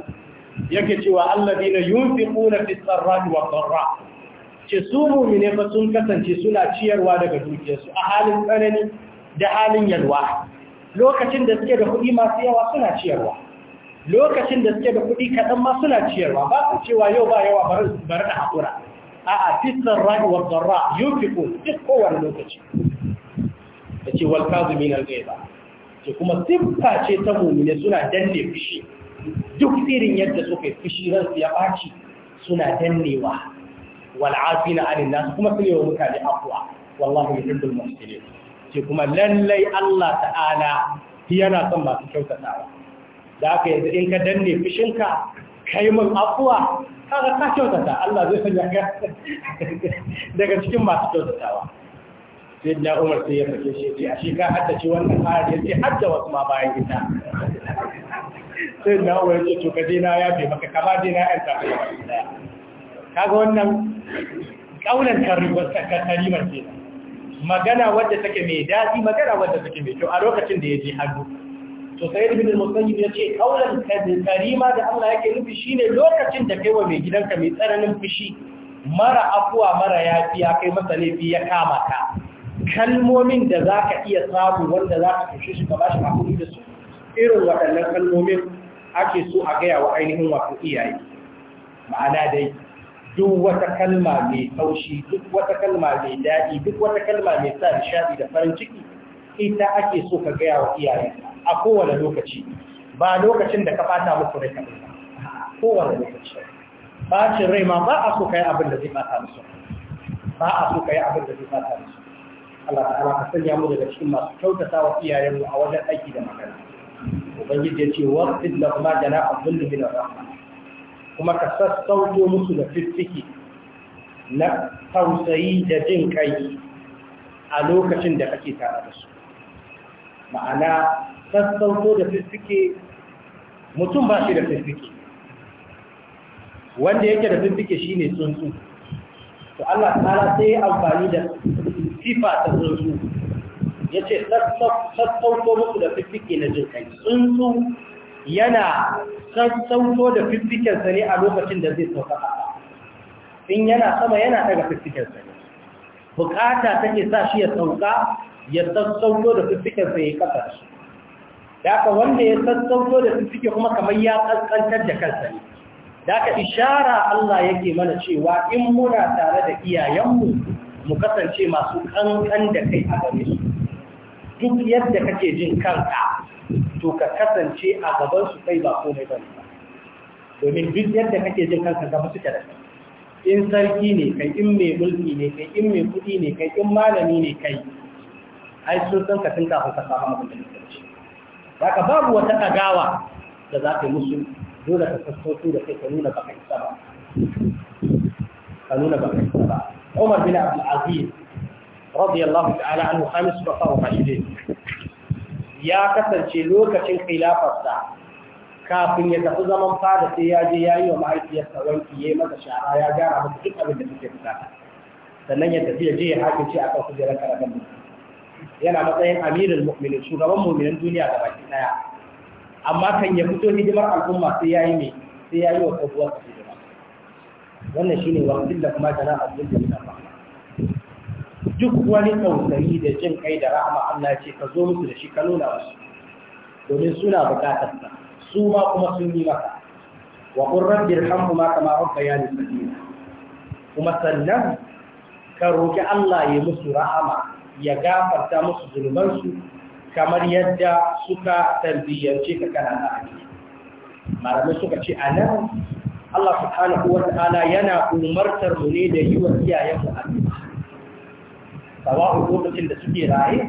Speaker 1: yake cewa alladina yunfiquna fi sarra'i wa dharra ce su mumine fa sun kasance suna ciyarwa daga dukiyarsu a halin tsanani da halin yalwa lokacin da suke da kuɗi masu yawa suna ciyarwa lokacin da suke da kuɗi kaɗan ma suna ciyarwa ba su cewa yau ba yawa bari da haƙura a a fisar ra'i wa zarra yau fi ko duk kowane lokaci da ce wal kazu min al-gaiba kuma siffa ce ta mumine suna danne fushi duk tsirin yadda suka yi fushi su ya ɓaci suna dannewa na alin nasu kuma su yi wa mutane afuwa wallahu yuhibbul muhsinin ce kuma lallai Allah ta'ala yana son masu kyautatawa da aka yanzu in ka danne fushinka kai mun afuwa kaga ka kyautata Allah zai sanya ka daga cikin masu kyautatawa sai da Umar sai ya fashe shi a shi ka ci wannan fara ya ce hadda wasu ma bayan ita
Speaker 3: sai da Umar
Speaker 1: ya ce to ka dina ya fi maka kama dina yan Ka kaga wannan kaulan karimar kenan magana wadda take mai daɗi magana wadda take mai kyau a lokacin da ya je hannu to sai ibn al-musayyib ya ce kaulan karima da Allah yake nufi shine lokacin da kai wa mai gidanka mai tsananin fushi mara afuwa mara yafiya kai masa laifi ya kama ka kalmomin da zaka iya sabu wanda zaka kushe shi ka bashi hakuri da su irin waɗannan kalmomin ake so a gaya wa ainihin wato iyaye ma'ana dai duk wata kalma mai taushi duk wata kalma mai daɗi duk wata kalma mai sa nishadi da farin ciki ita ake so ka gaya wa iyaye a kowane lokaci ba lokacin da ka fata muku rai kaɗai
Speaker 3: ba kowane
Speaker 1: lokaci bacin rai ma ba a so ka yi abin da zai fata musu ba a so ka yi abin da zai fata musu Allah ta ala ka sanya mu daga cikin masu kyautata wa iyayenmu a wajen aiki da magana ubangiji ya ce wa lahum kuma jana'a kullu min ar kuma ka sassauto musu da fiffiki na tausayi da jin kai a lokacin da kake tare da su ma'ana sassauto da fiffike mutum ba shi da fiffike wanda yake da fiffike shine tsuntsu to Allah tsara sai ya amfani da sifa ta tsuntsu yace sassauto musu da fiffike na jin kai
Speaker 2: tsuntsu
Speaker 1: yana sassauto da fifikinsa ne a lokacin da zai sauka in yana sama yana daga fifikinsa ne bukata ke sa shi ya sauka ya sassauto da fifikinsa ya yi kasar shi wanda ya sassauto da fiskikin kuma kamar ya kaskantar da kansa ne daga ishara Allah yake mana cewa in muna tare da iyayenmu mu kasance masu kankan da kai a gare su duk yadda kake jin kanka to ka kasance a gaban su kai ba komai ba domin duk yadda kake jin kanka ga musu kada in sarki ne kai in mai mulki ne kai in mai kudi ne kai in malami ne kai ai sun san ka tun kafin ka samu abin da kake haka babu wata kagawa da za ka yi musu dole ka sassauto da kai ka nuna baka isa ba ka nuna baka isa ba Umar bin Abdul Aziz radiyallahu ta'ala anhu khamis faqa wa rashidin ya kasance lokacin kilafarsa. kafin ya tafi zaman fada sai ya je ya yi wa mahaifiyarsa wanki ya yi masa shara ya gyara masa abin da suke bukata sannan ya tafi ya je ya hakice a kan kujerar karagan yana matsayin amirul mu'minin shugaban mu'minin duniya da baki daya amma kan ya fito hidimar al'umma sai ya yi mai sai ya yi wa wannan shine waqtin da kuma jana'a abdul jami'a duk wani tausayi da jin kai da rahama Allah ce ka zo musu da shi ka nuna musu domin suna bukatar sa su ma kuma sun yi maka wa qur rabbi ma kama rabbayani kuma sannan ka roki Allah ya musu rahama ya gafarta musu zulumansu kamar yadda suka tarbiyyance ka kana da aiki malamai suka ce a nan Allah subhanahu wa ta'ala yana umartar mu ne da yi wa iyayen mu addu'a sawa'u lokacin da suke raye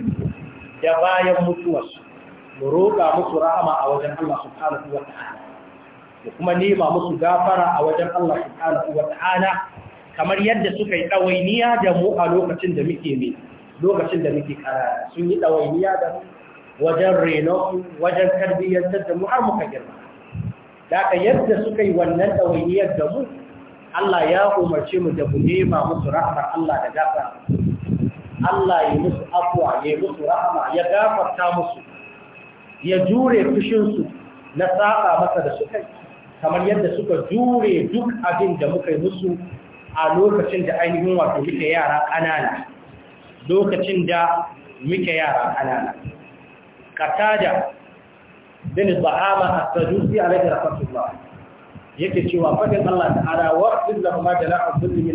Speaker 1: da bayan mutuwarsu mu roƙa musu rahama a wajen Allah subhanahu wa ta'ala da kuma nema musu gafara a wajen Allah subhanahu wa ta'ala kamar yadda suka yi ɗawainiya da mu a lokacin da muke mai lokacin da muke karara sun yi ɗawainiya da mu wajen reno wajen tarbiyyar da mu har muka girma da ka yadda suka yi wannan ɗawainiyar da mu Allah ya umarce mu da mu nema musu rahama Allah da gafara Allah ya musu afuwa ya musu rahama ya gafarta musu ya jure fushinsu na saƙa masa da suka kamar yadda suka jure duk abin da muka yi musu a lokacin da ainihin wato muke yara ƙanana lokacin da muke yara ƙanana katada bin bahama as-sadusi alayhi ba yake cewa faɗin Allah ta'ala waqtin lahum da jala'u dhulli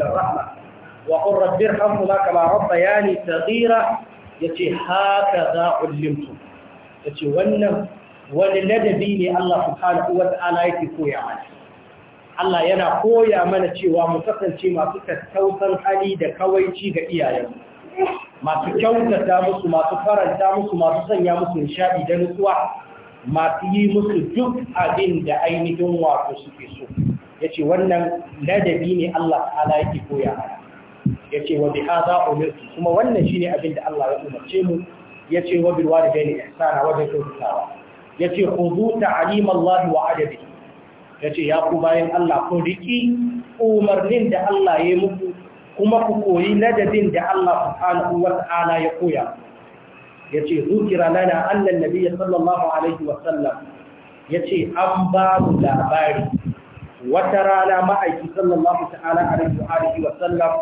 Speaker 1: وقل رب ارحمهما كما ربياني صغيرة يتي هكذا علمتم يتي ونم وللدبي الله سبحانه وتعالى يتي كويا عليه Allah yana koya mana cewa mu kasance masu tattausan hali da kawaici ga iyayenmu masu kyautata musu masu faranta musu masu sanya musu nishadi da nutsuwa masu yi musu duk abin da ainihin wato suke so yace wannan ladabi ne Allah ta'ala yake koya mana yace wa bi hadha umirtu kuma wannan shine abin da Allah ya umarce mu yace wa bil walidaini ihsana wa bil kyautatawa yace khudhu ta'lim Allah wa adabi yace ya ku bayan Allah ku riki umarnin da Allah ya muku kuma ku koyi ladabin da Allah subhanahu wa ta'ala ya koya yace zukira lana anna an-nabiy sallallahu alaihi wa sallam yace an ba mu labari wata rana ma'aiki sallallahu ta'ala alaihi wa sallam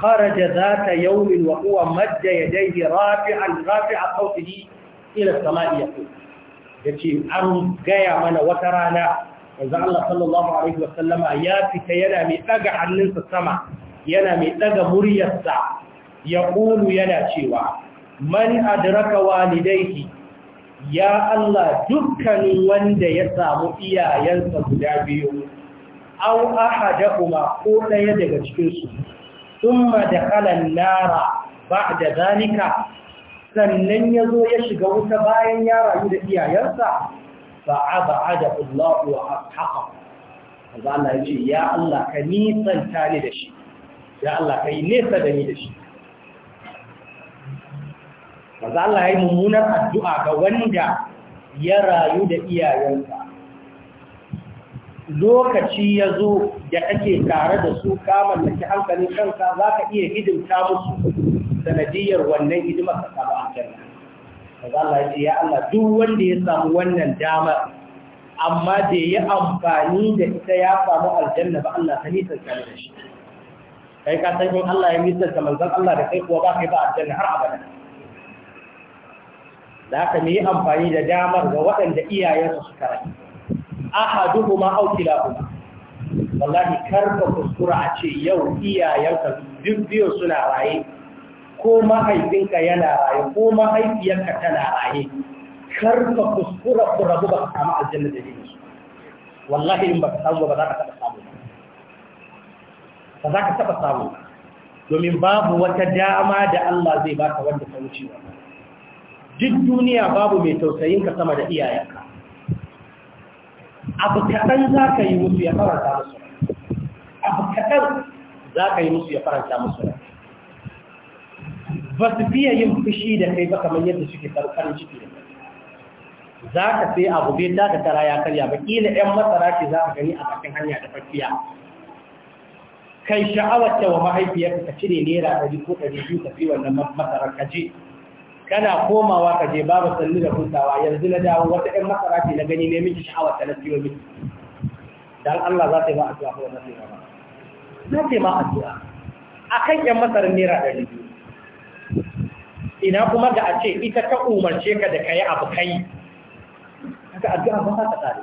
Speaker 1: kharaja zata yawmin wa huwa madda yadayhi rafi'an rafi'a sawtihi ila samai yace an gaya mana wata rana manzo Allah sallallahu alaihi wa sallama ya fita yana mai daga hannunsa sama yana mai daga muryarsa Ya kulu yana cewa man adraka walidayhi ya Allah dukkanin wanda ya samu iyayensa guda biyu aw ahadahuma ko daya daga cikin su da dakhala lara nara da zanika sannan ya zo ya shiga wuta bayan ya rayu da iyayensa ba a ba a da Allah wa ashaqa Allah Allah ya ce ya Allah ka nisanta ni da shi ya Allah ka yi nesa da ni da shi Maza Allah ya yi mummunar addu'a ga wanda ya rayu da iyayensa lokaci ya zo da ake tare da su kamar da ke hankalin kanka za ka iya hidimta musu sanadiyar wannan hidimar ka samu aljanna kaza Allah ya ce ya Allah duk wanda ya samu wannan damar amma da ya amfani da ita ya samu aljanna ba Allah ta nisan ka da shi kai ka san in Allah ya nisan ka manzan Allah da kai kuwa ba kai ba aljanna har abada da haka ne ya amfani da damar ga waɗanda iyayensu suka rayu ma auki kilahuma wallahi kar ka kuskura a ce yau iyayenka duk biyu suna raye ko mahaifinka yana raye ko mahaifiyarka tana raye kar ka kuskura ku rabu ba ka samu aljanna da jini su wallahi in ba ka samu ba za ka taɓa samu ba za ka taɓa samu domin babu wata dama da Allah zai baka wanda ta wuce wa duk duniya babu mai tausayinka sama da iyayenka abu kaɗan za ka yi musu ya faranta musu abu kaɗan za ka yi musu ya faranta musu ba su fiye yin fushi da kai ba kamar yadda suke farin ciki da kai za ka sai abu bai ta ka tara ya karya ba ƙila 'yan masara ce za ka gani a bakin hanya da fafiya kai sha'awar ta wa mahaifiyarka ka cire naira ɗari ko ɗari biyu ka fi wannan masarar ka je kana komawa ka je babu sallu da hutawa yanzu na dawo wata ɗan masara ce na gani neman miki sha'awar ta na siyo miki dan Allah za ta yi ma addu'a ko za ta yi ma za ta yi ma addu'a akan ƴan masarar naira ɗari biyu ina kuma da a ce ita ta umarce ka da kayi abu kai haka addu'a ba za ta kare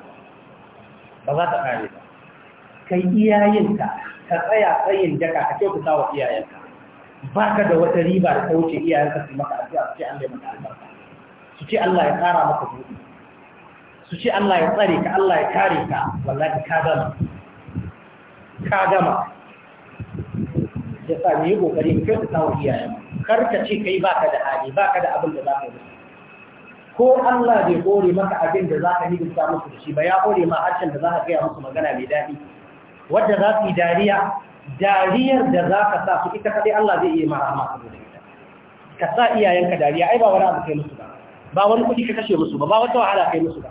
Speaker 1: ba za ta kare ba kai iyayenka ka tsaya tsayin daka ka kyautata wa iyayenka ba ka da wata riba ta wuce iyayenka su maka addu'a su ce Allah ya maka albarka su ce Allah ya tsara maka buɗi su ce Allah ya tsare ka Allah ya kare ka wallahi ka gama ka gama ya sa ne kokari ka tsawo iyayen kar ka ce kai baka da hali baka da abin da za ka yi ko Allah bai kore maka abin da za ka da musu da shi ba ya kore ma harshen da za ka gaya musu magana mai daɗi wadda za su yi dariya dariyar da za ka sa su ita kaɗai Allah zai iya mara amma saboda ita ka sa iyayenka dariya ai ba wani abu kai musu ba ba wani kuɗi ka kashe musu ba ba wata wahala kai musu ba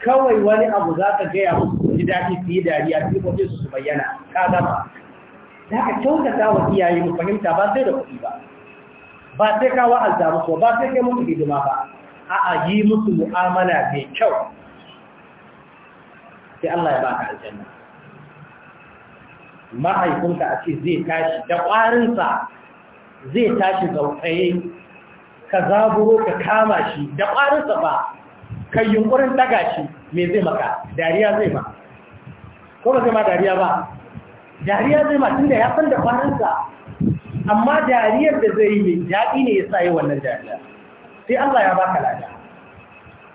Speaker 1: kawai wani abu za ka gaya musu ji daɗi su yi dariya su yi su bayyana ka gama za ka kyautata wa iyaye mu fahimta ba sai da kuɗi ba ba sai ka wa'azza musu ba sai kai musu hidima ba a'a yi musu mu'amala mai kyau sai Allah ya ba ka aljanna mahaifinka a ce zai tashi da ƙwarinsa zai tashi zautsaye ka zaburo ka kama shi da ƙwarinsa ba ka yunkurin daga shi mai zai maka dariya zai ma ko ba zai ma dariya ba dariya zai ma tun da ya san da ƙwarinsa amma dariyar da zai yi mai daɗi ne ya sa yi wannan dariya sai Allah ya baka lada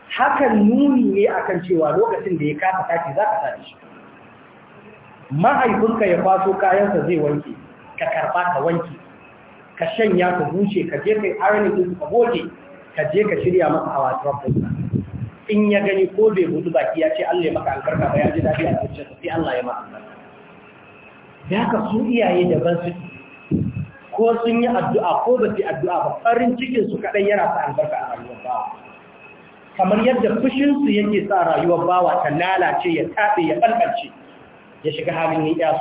Speaker 1: hakan nuni ne akan cewa lokacin da ya kafa tashi za ka tashi shi mahaifinka ya kwaso kayansa zai wanke ka karba ka wanke ka shanya ka bushe ka je kai ironing din ka goge ka je ka shirya masa hawa traffic in ya gani ko bai budu baki ya ce Allah ya maka albarka ba ya ji dadi a zuciyarsa sai Allah ya maka albarka ya ka su iyaye daban su ko sun yi addu'a ko ba su addu'a ba farin cikin su kadai yana sa albarka a rayuwar bawa kamar yadda fushin su yake sa rayuwar bawa ta lalace ya tabe ya balbalce ya shiga halin ni'ya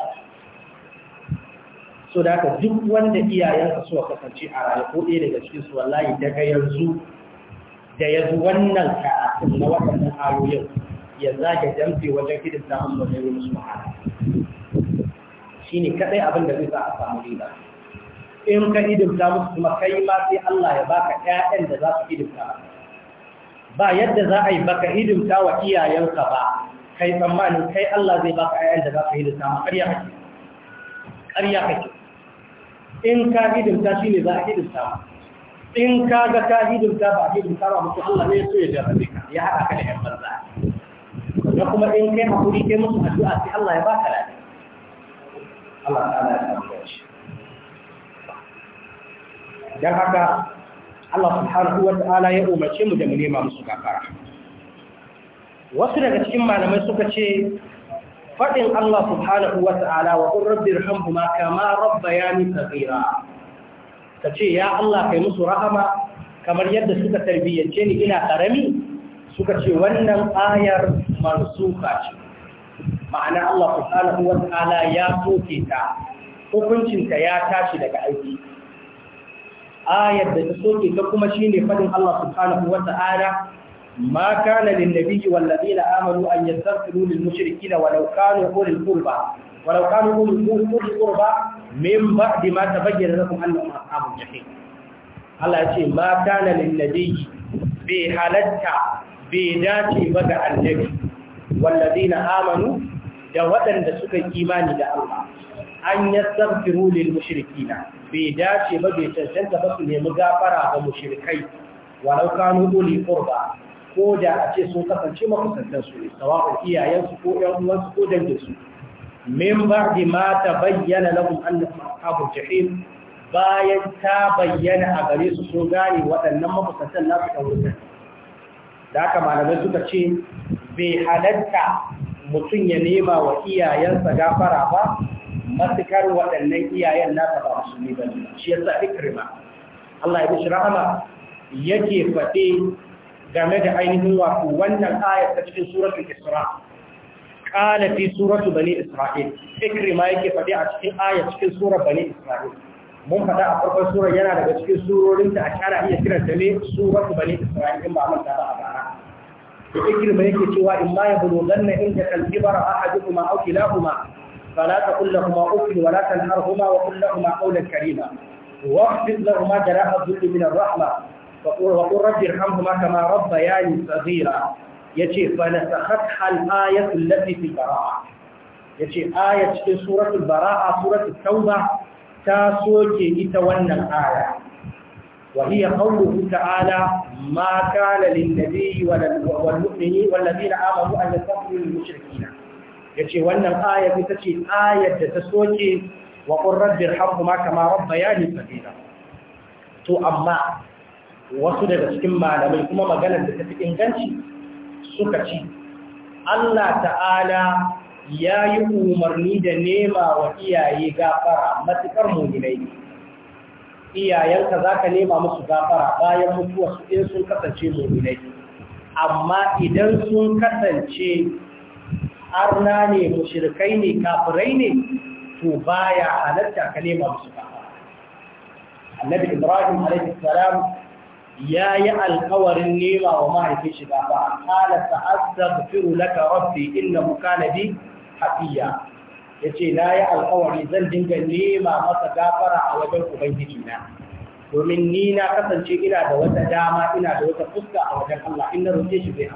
Speaker 1: so da aka duk wanda iyayensa suwa kasance a rayu ko ɗaya daga cikin su wallahi daga yanzu da ya yanzu wannan karatun na waɗannan ayoyin ya zage damfe wajen hidin da amma da yi musu ma'ana shi ne kaɗai abin da zai sa a samu riba in ka hidimta musu kuma kai ma sai Allah ya baka ƴaƴan da za su hidimta ba yadda za a yi baka hidimta wa iyayenka ba kai tsammanin kai Allah zai baka ayan da yi da samun ƙarya kake ƙarya kake in ka hidimta ne za a hidimta ba in ka ga ka hidimta ba hidimta ba mutu Allah ne so ya jarrabe ka ya haɗa ka da ƴan banza da kuma in kai hakuri kai musu addu'a sai Allah ya baka lafiya Allah ta'ala ya samu shi dan haka Allah subhanahu wa ta'ala ya umarce mu da mu nema musu kakara. wasu daga cikin malamai suka ce faɗin Allah subhanahu wa ta'ala wa qur rabbi irhamhuma kama rabbayani ta ce ya Allah kai musu rahama kamar yadda suka tarbiyyance ni ina karami suka ce wannan ayar mansuka ce ma'ana Allah subhanahu wa ta'ala ya soke ta hukuncinta ya tashi daga aiki ayar da ta soke ta kuma ne faɗin Allah subhanahu wa ta'ala ما كان للنبي والذين آمنوا أن يستغفروا للمشركين ولو كانوا أولي القربى ولو كانوا أولي القربى من بعد ما تبين لكم أنهم أصحاب الجحيم الله يقول ما كان للنبي بحالتها بداتي بدأ النبي والذين آمنوا جوة لسك الإيمان إلى الله أن يستغفروا للمشركين بداتي بدأ تنسل بس لمغافرة ومشركين ولو كانوا أولي قربى ko da a ce sun kasance makusantar su ne iyayensu ko ƴan uwansu ko danginsu min ba'di ma tabayyana lahum annahum ashabul jahim bayan ta bayyana a gare su sun gane waɗannan makusantar nasu ɗan da aka malamai suka ce bai halatta mutum ya nema wa iyayensa gafara ba matukar waɗannan iyayen nasa ba musulmi ba shi yasa ikrima Allah ya bishi rahama yake faɗe game da ainihin wato wannan ayar ta cikin suratul Isra qala fi suratu bani Isra'il Fikri ikrima yake faɗi a cikin ayar cikin surar bani Isra'il mun faɗa a farkon surar yana daga cikin surorin da a shara iya kiran ta ne suratu bani Isra'il in ba mun ta ba a bara to ikrima yake cewa in ma ya yablughanna inda kalbara ahaduhuma aw kilahuma فلا تقل لهما اف ولا تنهرهما وقل لهما قولا كريما واخفض لهما جناح الذل من الرحمه وقل رب ارحمهما كما ربياني صغيرا يجي فنسختها الآية التي في البراءة يجي آية في سورة البراءة سورة التوبة تاسوكي يتولى الآية وهي قوله تعالى ما كان للنبي والمؤمنين والذين آمنوا أن يستغفروا للمشركين يجي وأن الآية تجي آية تسوكي وقل رب ارحمهما كما ربياني صغيرا تو أما wasu daga cikin malamai kuma maganar da ta fi inganci suka ci Allah ta'ala ya yi umarni da nema wa iyaye gafara matuƙar muminai iyayenka za ka nema musu gafara bayan mutuwa su in sun kasance muminai amma idan sun kasance arna ne mushrikai ne kafirai ne to baya halatta ka nema musu gafara annabi ibrahim alaihi salam ya yi alkawarin nema wa mahaifin shi gafa kala sa'astaghfiru laka rabbi innahu kana bi hafiya ce na yi alkawari zan dinga nema masa gafara a wajen ubangiji na domin ni na kasance ina da wata dama ina da wata fuska a wajen Allah in na roƙe shi zai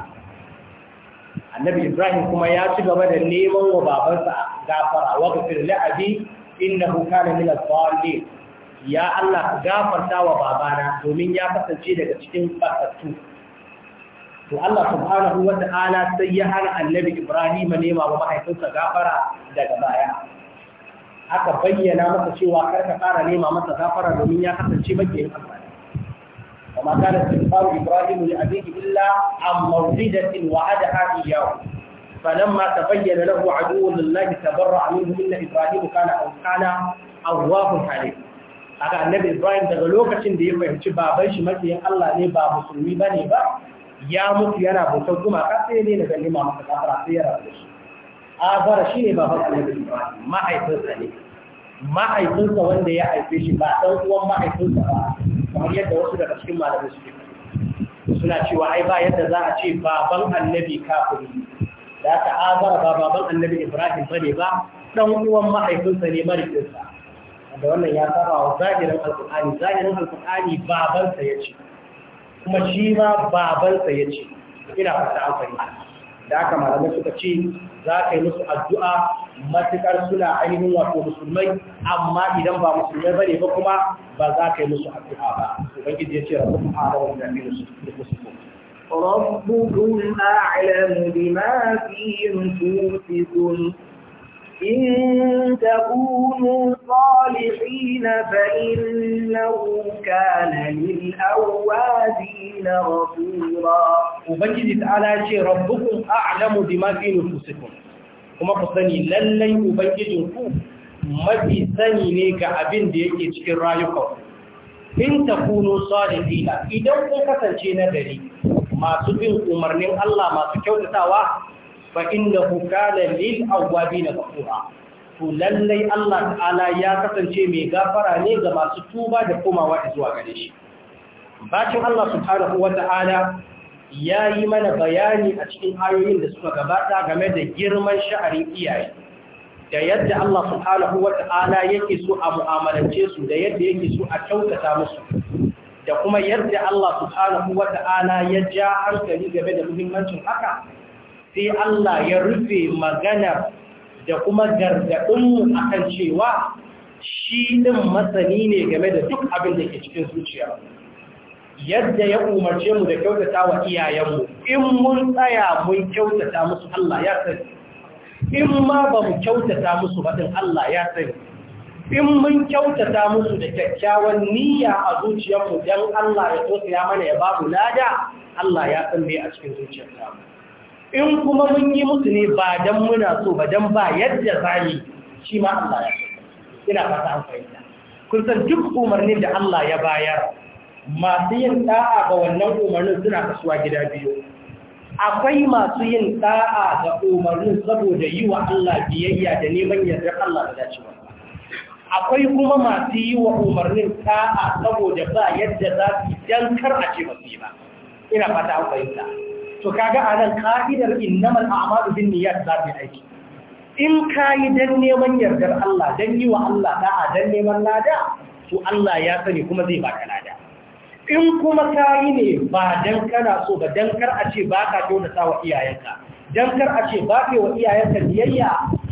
Speaker 1: annabi ibrahim kuma ya ci gaba da neman wa babansa gafara wa ghfir li abi innahu kana min tsawon dhalin ya Allah ka gafarta wa babana domin ya kasance daga cikin fasattu to Allah subhanahu wa ta'ala sai ya hana annabi Ibrahim nema wa mahaifinsa gafara daga baya aka bayyana masa cewa kar ka fara nema masa gafara domin ya kasance bakin Allah وما كان استغفار ابراهيم لابيه الا عن موعده وعدها اياه فلما تبين له عدو الله تبرأ منه ان ابراهيم كان او كان اواه حليم haka annabi ibrahim daga lokacin da ya fahimci baban shi makiyin allah ne ba musulmi ba ne ba ya mutu yana bautar gumaka sai ne na ganin ma masa kafara sai ya rabu da shi shi ne baban annabi ibrahim mahaifinsa ne mahaifinsa wanda ya haife shi ba ɗan uwan mahaifinsa ba kamar yadda wasu daga cikin malamai suke suna cewa ai ba yadda za a ce baban annabi kafiri da aka azara ba baban annabi ibrahim ba ne ba ɗan uwan mahaifinsa ne marikinsa da wannan ya saba wa zahirin alkur'ani zahirin alkur'ani babansa ya ce kuma shi ma babansa ya ce ina fata an da aka malamai suka ce za ka yi musu addu'a matuƙar suna ainihin wato musulmai amma idan ba musulmai bane ba kuma ba za ka yi musu addu'a ba ubangiji ya ce rabu a da wanda ne musu
Speaker 2: ربكم أعلم بما في نفوسكم إن تكونوا صالحين فإنه كان للأوابين غفورا
Speaker 1: وبنجد تعالى شيء ربكم أعلم بما في نفوسكم kuma ku sani lallai ubangijinku mafi sani ne ga abin da yake cikin rayukan Binta ta kuno salihina idan kun kasance na dare masu bin umarnin Allah masu kyautatawa fa innahu kana lil awwabin ghafura to lallai Allah ta'ala ya kasance mai gafara ne ga masu tuba da komawa zuwa gare shi bacin Allah subhanahu wata'ala ya yi mana bayani a cikin ayoyin da suka gabata game da girman sha'arin iyaye da yadda Allah subhanahu wata'ala yake so a mu'amalance su da yadda yake so a kyautata musu da kuma yadda Allah subhanahu wata'ala ya ja hankali game da muhimmancin haka sai Allah ya rufe magana da kuma gargaɗinmu a kan cewa shi ɗin matsani ne game da duk abin da ke cikin zuciya yadda ya umarce mu da kyautata wa iyayenmu in mun tsaya mun kyautata musu Allah ya sani in ma ba mu kyautata musu baɗin Allah ya sani in mun kyautata musu da kyakkyawan niyya a zuciyarmu don Allah ya tosa ya mana ya babu lada Allah ya san me a cikin zuciyar in kuma mun yi musu ne ba don muna so ba don ba yadda zami shi ma Allah ya so ina fata an fahimta kun san duk umarnin da Allah ya bayar masu yin da'a ga wannan umarnin suna kasuwa gida biyu akwai masu yin da'a ga umarnin saboda yi wa Allah biyayya da neman yardar Allah da dacewa akwai kuma masu yi wa umarnin da'a saboda ba yadda za su dankar a ce yi ba ina fata an fahimta to kaga anan ka'idar innamal a'malu bin niyyat za ta aiki in kayi dan neman yardar Allah dan yi wa Allah da'a dan neman lada to Allah ya sani kuma zai baka lada in kuma kayi ne ba dan kana so ba dan kar a ce baka kyautata wa iyayenka dan kar a ce ba kai wa iyayenka biyayya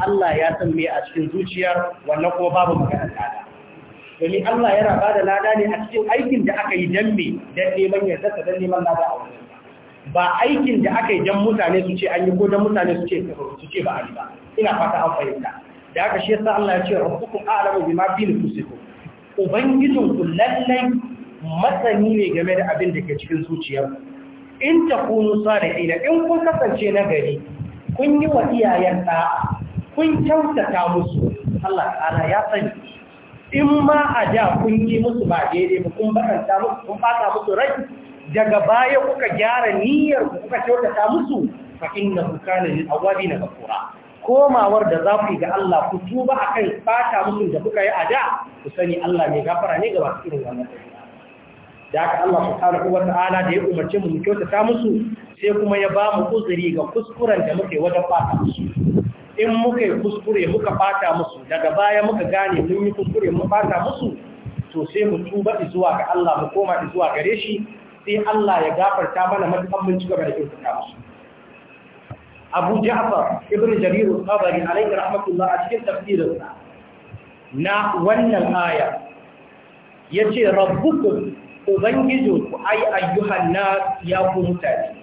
Speaker 1: Allah ya san me a cikin zuciyar wannan kuma babu magana lada domin Allah yana bada lada ne a cikin aikin da aka yi dan me dan neman yarda dan neman lada a wannan ba aikin da aka yi don mutane su ce an yi ko don mutane su ce su ce ba a ina fata an fahimta da aka shi yasa Allah ya ce rabbukum a'lamu bima fi nufusikum ubangijin ku lallai masani ne game da abin da ke cikin zuciyar in ta da ina in kun kasance na gari kun yi wa iyayen da'a kun kyautata musu Allah ta'ala ya sani in ma a da kun yi musu ba daidai ba kun bakanta musu kun fata musu rai daga baya kuka gyara niyyar kuka kyautata musu fa inna kana lil awabina ghafura komawar da za ku yi ga Allah ku tuba akan fata musu da kuka yi a da ku sani Allah ne gafara ne ga wasu irin wannan da aka Allah subhanahu ta'ala da ya umarce mu kyautata musu sai kuma ya ba mu uzuri ga kuskuren da muke wajen fata musu in muka yi kuskure muka fata musu daga baya muka gane mun yi kuskure mun fata musu to sai mu tuba zuwa ga Allah mu koma zuwa gare shi sai Allah ya gafarta mana matukan mun ci gaba da kyautata musu Abu Ja'far Ibn Jarir al-Tabari alayhi rahmatullah a cikin tafsirinsa na wannan aya yace rabbukum ubangijinku ai ayyuhan nas ya ku mutane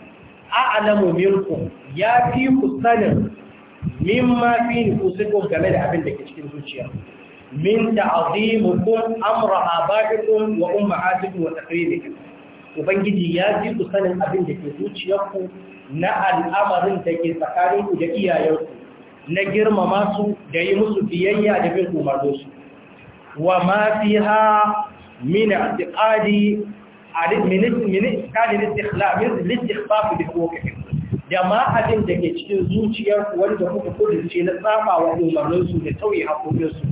Speaker 1: a'lamu minkum ya fi ku sanin mimma fi nufusikum game da abin da ke cikin zuciya min ta'zimukum amra abaikum wa ummahatikum wa taqrimikum ubangiji ya ji ku sanin abin da ke zuciyarku na al'amarin da ke tsakaninku da iyayenku na girmama su da yi musu biyayya da bin umarninsu wa ma fi ha min i'tiqadi da ma abin da ke cikin zuciyarku wanda kuka kudin ce na tsafa wa umarninsu da tauye haƙoƙinsu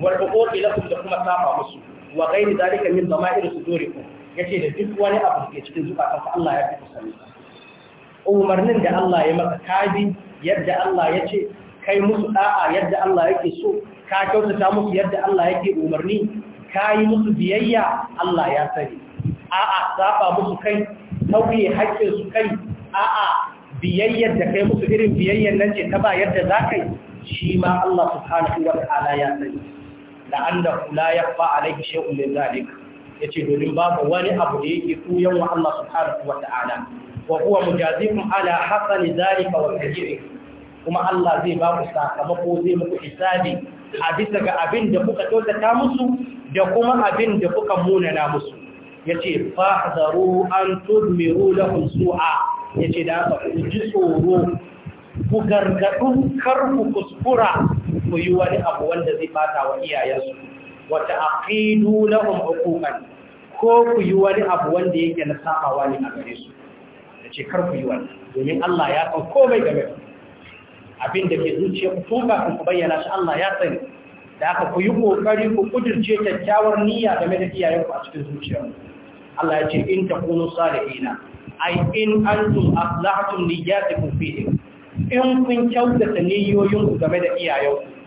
Speaker 1: wanda uquqi lakum da kuma tsafa musu wa ghairi zalika min irin su dama'ir sudurikum yace da duk wani abu da ke cikin zukatansa Allah ya fi sani umarnin da Allah ya maka kaji, yadda Allah ya ce kai musu ɗa'a yadda Allah yake so ka kyautata musu yadda Allah yake umarni ka yi musu biyayya Allah ya sani a'a saba musu kai sauye haƙƙin su kai a'a biyayyar da kai musu irin biyayyar nan ce ta ba yadda za kai shi ma Allah subhanahu wa ta'ala ya sani Da la'annahu kula yakhfa alayhi shay'un umarni zalika yace domin babu wani abu da yake koyan wa Allah subhanahu wa ta'ala wa huwa mujazikun ala hasani zalika wa tajiri kuma Allah zai ba ku sakamako zai muku hisabi a bisa ga abin da kuka kyautata musu da kuma abin da kuka munana musu yace fahzaru an tudmiru lahum su'a yace da haka ku ji tsoro ku gargadu kar ku kuskura ku yi wani abu wanda zai bata wa iyayensu wata aqidu lahum hukuman ko ku yi wani abu wanda yake na sabawa ne a gare su ce kar ku yi wani domin Allah ya san komai game da abin da ke zuciya ku tun kafin ku bayyana shi Allah ya sani da aka ku yi kokari ku kudirce kyakkyawar niyya game da iyayenku a cikin zuciya Allah ya ce in takunu salihina ai in antum aslahtum niyyatikum fihi in kun kyautata ku game da iyayenku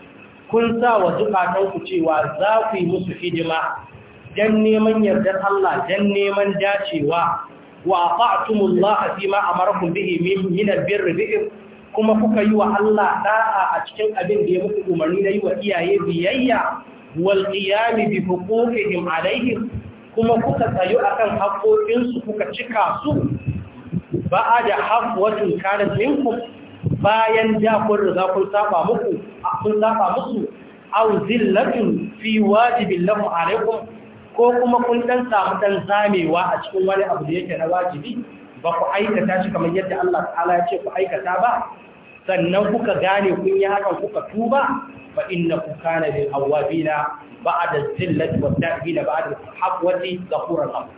Speaker 1: kun sa wa zukatanku cewa za ku yi musu hidima don neman yardar Allah dan neman dacewa wa a fima amarakum bihi min albirr bihi kuma kuka yi wa Allah ɗa'a a cikin abin da ya muku umarni na yi wa iyaye biyayya wal qiyami bi huquqihim alaihim kuma kuka tsayo akan haƙoƙinsu kuka cika su ba'a da haƙwatin kanar minkum bayan da riga kun saba muku kun saba musu aw fi wajibin lahum alaikum ko kuma kun ɗan samu ɗan zamewa a cikin wani abu da yake na wajibi ba ku aikata shi kamar yadda Allah ta'ala ya ce ku aikata ba sannan kuka gane kun yi hakan kuka tuba fa innakum kana lil awabina ba'da zillati wa ta'bina ba'da hafwati ghafurur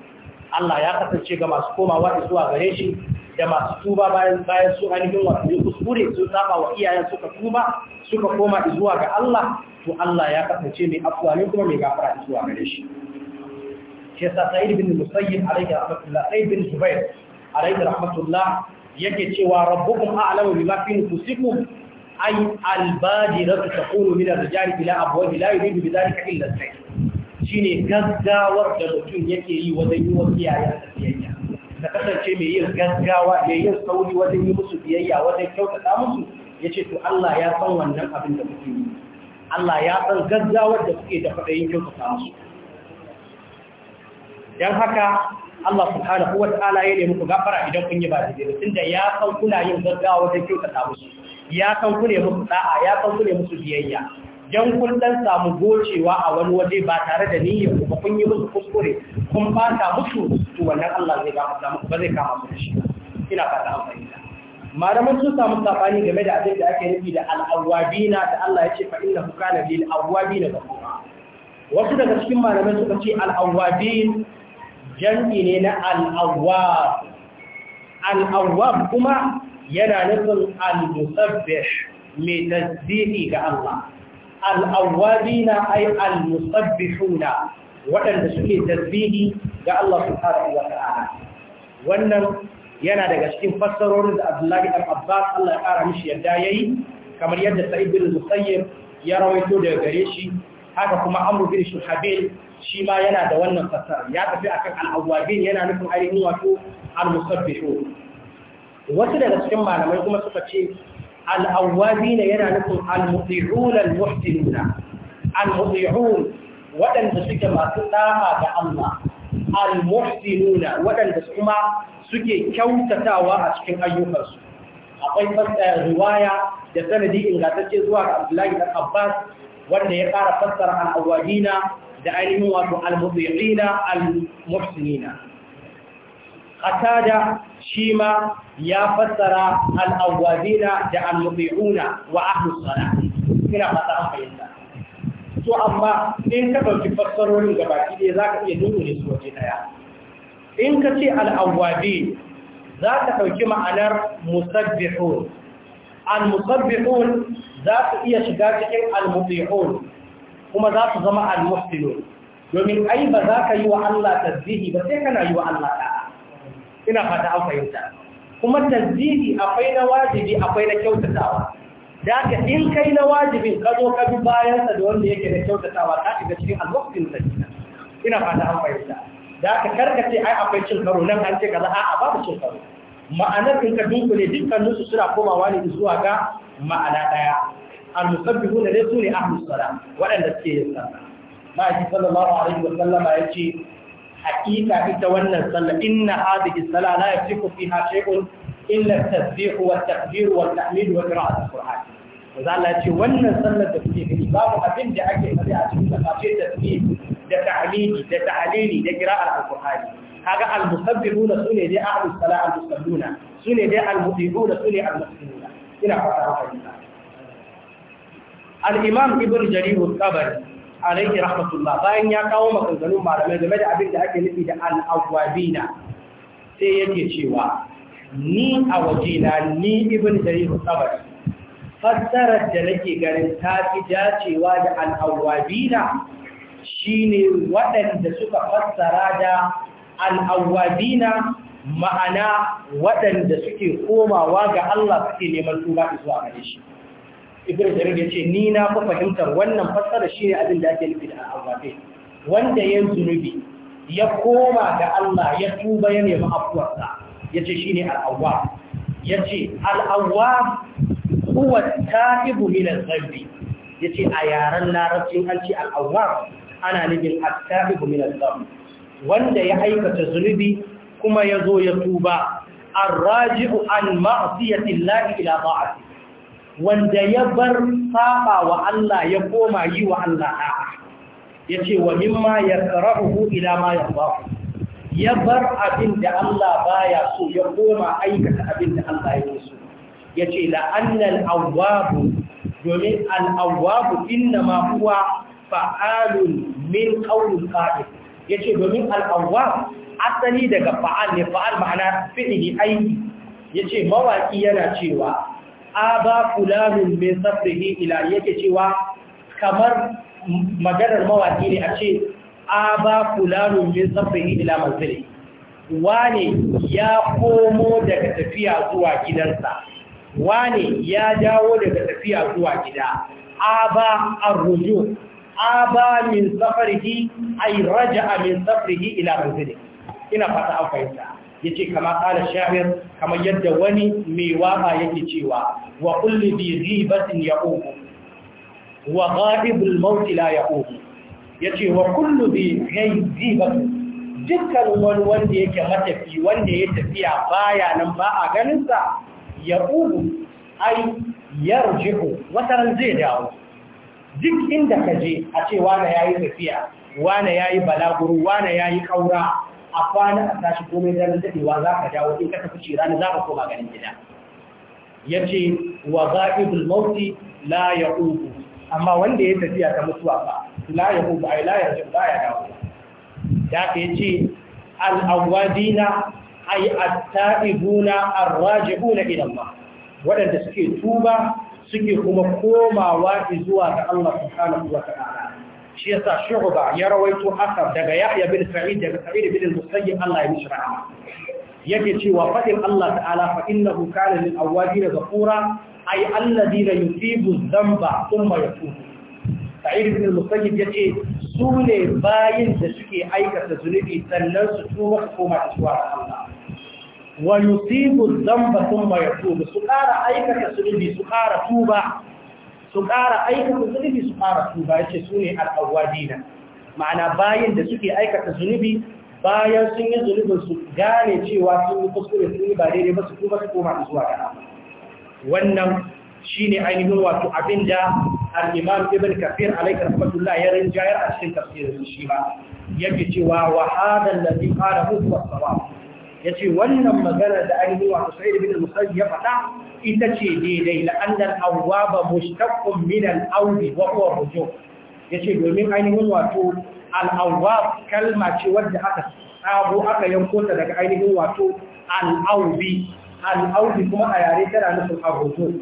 Speaker 1: Allah ya kasance ga masu komawa zuwa gare shi da masu tuba bayan bayan su ainihin wasu kuskure sun saba wa iyayen suka tuba suka koma zuwa ga Allah to Allah ya kasance mai afuwa ne kuma mai gafara zuwa gare shi Ke sa Sa'id bin Musayyib alayhi rahmatullah Sa'id bin Zubair alayhi rahmatullah yake cewa rabbukum a'lamu bima fi nufusikum ay al-badiratu taqulu min ar-rijali ila abwabi la yuridu bi illa al shine gaggawar da mutum yake yi wajen yi wa iyayen sa biyayya ta kasance mai yin gaggawa mai yin sauri wajen yi musu biyayya wajen kyautata musu ya ce to Allah ya san wannan abin da kuke yi Allah ya san gaggawar da kuke da faɗayin kyautata musu don haka Allah subhanahu wa ta'ala ya nemi ku gafara idan kun yi ba daidai ba tunda ya san kuna yin gaggawa wajen kyautata musu ya san ku ne musu da'a ya san ku ne musu biyayya don kun dan samu gocewa a wani waje ba tare da niyyar kuma kun yi musu kuskure kun fata musu to wannan Allah zai gafarta samu ba zai kama musu shi ina fata an fahimta malaman sun samu sabani game da abin da ake nufi da al da Allah ya ce fa innahu kana lil na gaba. wasu daga cikin malamai suka ce al-awwabin jam'i ne na al'awab al'awab kuma yana nufin al-musabbih mai tasbihi ga Allah al'awwabina ai al-musabbihuna waɗanda suke tasbihi ga Allah subhanahu wa ta'ala wannan yana daga cikin fassarori da Abdullahi ibn Abbas Allah ya ƙara mishi yadda yi kamar yadda Sa'id bin Musayyib ya rawaito daga gare shi haka kuma Amr Shuhabil shi ma yana da wannan fassar. ya tafi akan al yana nufin ainihin wato al-musabbihu wasu daga cikin malamai kuma suka ce al'awwabi yana nufin al-mutsi'un al-muhtinuna al waɗanda suke masu ɗaha ga Allah al-muhtinuna waɗanda kuma suke kyautatawa a cikin ayyukansu akwai eh, riwaya da sanadi ingantacce zuwa ga Abdullahi da Abbas wanda ya ƙara fassara al-awwabina da ainihin wato al-mutsi'ina al shi ma ya fassara al'awwazina da al wa ahlus ina fata an fahimta to amma in ka ɗauki fassarorin gabaki ɗaya za ka iya dunkule su waje ɗaya in ka ce al'awwabi za ka ɗauki ma'anar musabbihun al-musabbihun za su iya shiga cikin al-muti'un kuma za su zama al-muhsinun domin ai ba za ka yi wa Allah tasbihi ba sai kana yi wa Allah ta'a ina fata an fahimta kuma tasbihi akwai na wajibi akwai na kyautatawa da ka in kai na wajibin ka zo ka bi bayan sa da wanda yake da kyautatawa ka shiga cikin alwaqtin sakina ina fata an fahimta da ka karkace ai akwai cin karo nan an ce kaza a'a babu cin karo ma'anar in ka dunkule dukkan nusu suna komawa ne zuwa ga ma'ana daya al-musabbihuna ne su ne ahlus sala waɗanda suke yin sallah ma'aji sallallahu alaihi wa sallama yace hakika ita wannan sallah inna hadhihi sallah la yafiku fiha shay'un illa at-tasbih wa at-takbir wa at-tahmid wa qira'at al-Qur'an maza Allah ya ce wannan sallar da kuke gani babu abin da ake fadi a cikin ta ce tasbih da ta'lili da ta'lili da qira'at al-Qur'an kaga al-musabbihuna sune dai ahlus salah al-musalluna sune dai al-mudiquna sune al-muslimuna ina fata haka al-imam ibn jarir al-qabari alaihi rahmatullah bayan ya kawo maganganun malamai game da abin da ake nufi da al'awabina sai yake cewa ni a wajena ni ibn jarir sabari fassarar da nake ganin ta fi dacewa da al'awwabina shine waɗanda
Speaker 2: suka fassara da al'awwabina
Speaker 1: ma'ana waɗanda suke komawa ga Allah suke neman tuba zuwa gare shi ibn jarir ya ce ni na fa fahimtar wannan fassara shi ne abin da ake nufi da al'azabe wanda ya zunubi ya koma ga Allah ya tuba ya nemi afuwarsa ya ce shi ne al'awwa ya ce kuwa ta ibu milan zambi ya ce a yaren larabcin an ce al'awwa ana nufin ta ibu milan zambi wanda ya aikata zunubi kuma ya zo ya tuba an raji'u an ma'asiyatin la'i ila ma'asi wanda ya bar saba wa Allah ya koma yi wa Allah a'a yace wa mimma yakrahu ila ma yardahu ya bar abin da Allah baya so ya koma aikata abin da Allah ke so yace la annal awwabu domin al inna ma huwa fa'alun min qawlul ya ce domin al asali daga fa'al ne fa'al ma'ana fi'li aiki yace mawaki yana cewa aba fulanin mai safrihi ila yake cewa kamar maganar mawaki ne a ce aba fulanin mai safrihi ila manzili wane ya komo daga tafiya zuwa gidansa wane ya dawo daga tafiya zuwa gida aba arrujo aba min safrihi ay raja'a min safrihi ila manzili ina fata an fahimta yace kama qala sha'ir kamar yadda wani mai waka yake cewa wa kulli bi ya yaqum wa ghaibul ya la ya ce, wa kullu bi ghibatin dukkan wani wanda yake matafi wanda ya tafiya baya nan ba a ganin sa yaqum ai yarji'u wataran zai dawo duk inda ka je a ce wane yi tafiya wane yayi balaguru wane yayi ƙaura. a kwana a tashi komai ranar daɗewa za ka dawo in ka tafi ci rana za ka koma ganin gida ya ce wa za'ibul mauti la ya amma wanda ya tafiya ta mutuwa ba la ya ubu ai la ya jin ba ya dawo da ka ya ce al'awwadina ai atta'ibuna na idan ba. waɗanda suke tuba suke kuma komawa zuwa ga Allah subhanahu wa ta'ala shi yasa shu'ba ya rawaito haka daga yahya bin sa'id daga sa'id bin al-musayyib Allah ya mishi rahama yake cewa fadin Allah ta'ala fa innahu kana lil awabin ghafura ay alladhina yusibu dhanba thumma yatubu sa'id bin al-musayyib yace su ne bayin da suke aikata zunubi sannan su tuba koma zuwa Allah wa yusibu dhanba thumma yatubu su kara aikata zunubi su kara tuba su ƙara aikata zunubi su ƙara tuba yace su ne al'awadina ma'ana bayan da suke aikata zunubi bayan sun yi zunubin su gane cewa sun yi kuskure sun yi ba daidai ba su kuma su koma zuwa ga wannan shi ne ainihin wato abinda da al’imam Ibn kafir alayhi rahmatullah ya rinjayar a cikin tafsirin shi ba yake cewa wa hadha alladhi fara hukumar ya ce wannan magana da ainihin wato saida bin musayyib ya faɗa ita ce daidai la'annan awwaba mushtaqqun min al-awdi wa huwa Ya yace domin ainihin wato al'auwa kalma ce wadda aka sabo aka yanko ta daga ainihin wato al'aubi. awdi kuma a yare tana nufin abujo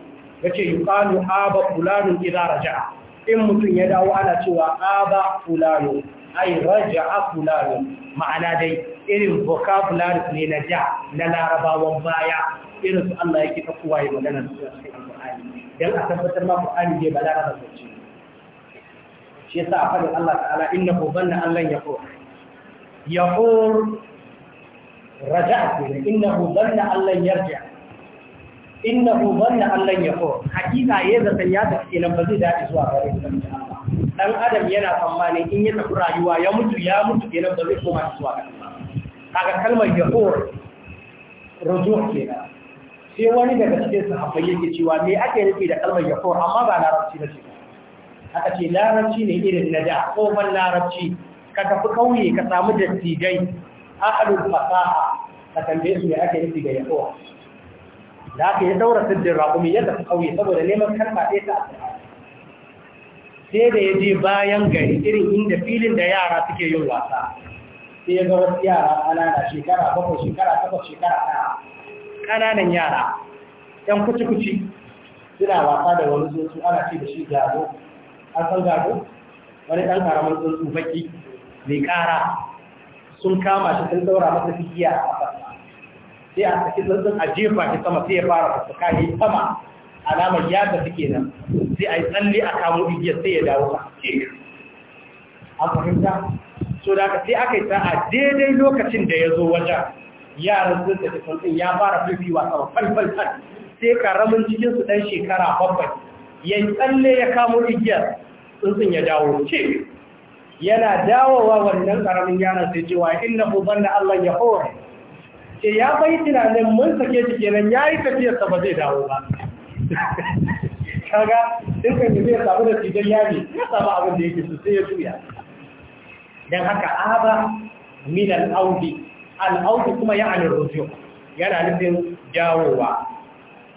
Speaker 1: yace yuqalu aba fulanun idza raja'a in mutum ya dawo ana cewa aba fulanun ai raja fulanun ma'ana dai irin vocabularies ne na ja na larabawan baya irin su Allah yake ta kowa ya magana su a cikin dan a tabbatar ma Qur'ani ba balara da zuci shi yasa a fadin Allah ta'ala inna innahu dhanna ya lan yaqur inna ko banna Allah ya lan yarja' ko banna Allah ya ko hakika yayin da ya tafi nan ba zai dace zuwa gare shi dan adam yana tsammani in ya tafi rayuwa ya mutu ya mutu ke nan ba zai koma zuwa ga kaga kalmar yaqur ke nan sai wani daga cikin sahabbai yake cewa me ake nufi da kalmar yaqur amma ba larabci ba ce aka ce larabci ne irin na da tsohon larabci ka tafi kauye ka samu dattijai ahalul fasaha ka tambaye su me ake nufi da yaqur da aka yi daura siddin raƙumi ya tafi kauye saboda neman kalma ɗaya ta sai da ya je bayan gari irin inda filin da yara suke yin wasa sai ya ga yara ƙanana shekara bakwai shekara takwas shekara tara ƙananan yara ɗan kuci-kuci suna wasa da wani tsotsu ana ce da shi gado an san gado wani ɗan ƙaramin tsotsu baki mai ƙara sun kama shi sun saura masa fiye a ƙasa sai a saki tsotsun a jefa shi sama sai ya fara fuska ya yi sama alamar ya tafi kenan sai a yi tsalle a kamo igiyar sai ya dawo a ce an fahimta so da aka sai aka yi sa'a daidai lokacin da ya zo wajen yaran sun tafi sun ya fara fifi wasa falfal fal sai karamin cikinsu ɗan dan shekara babban. ya yi tsalle ya kamo igiyar sun ya dawo ce yana dawowa wannan karamin yaran sai cewa inna hubanna Allah ya hore ya bai tunanin mun sake shi kenan yayi tafiyar sa ba zai dawo ba kaga dukkan da zai samu da cikin yami ya samu abin da yake sosai ya juya don haka aba min al'audi al'audi kuma ya ani rujo yana nufin jawowa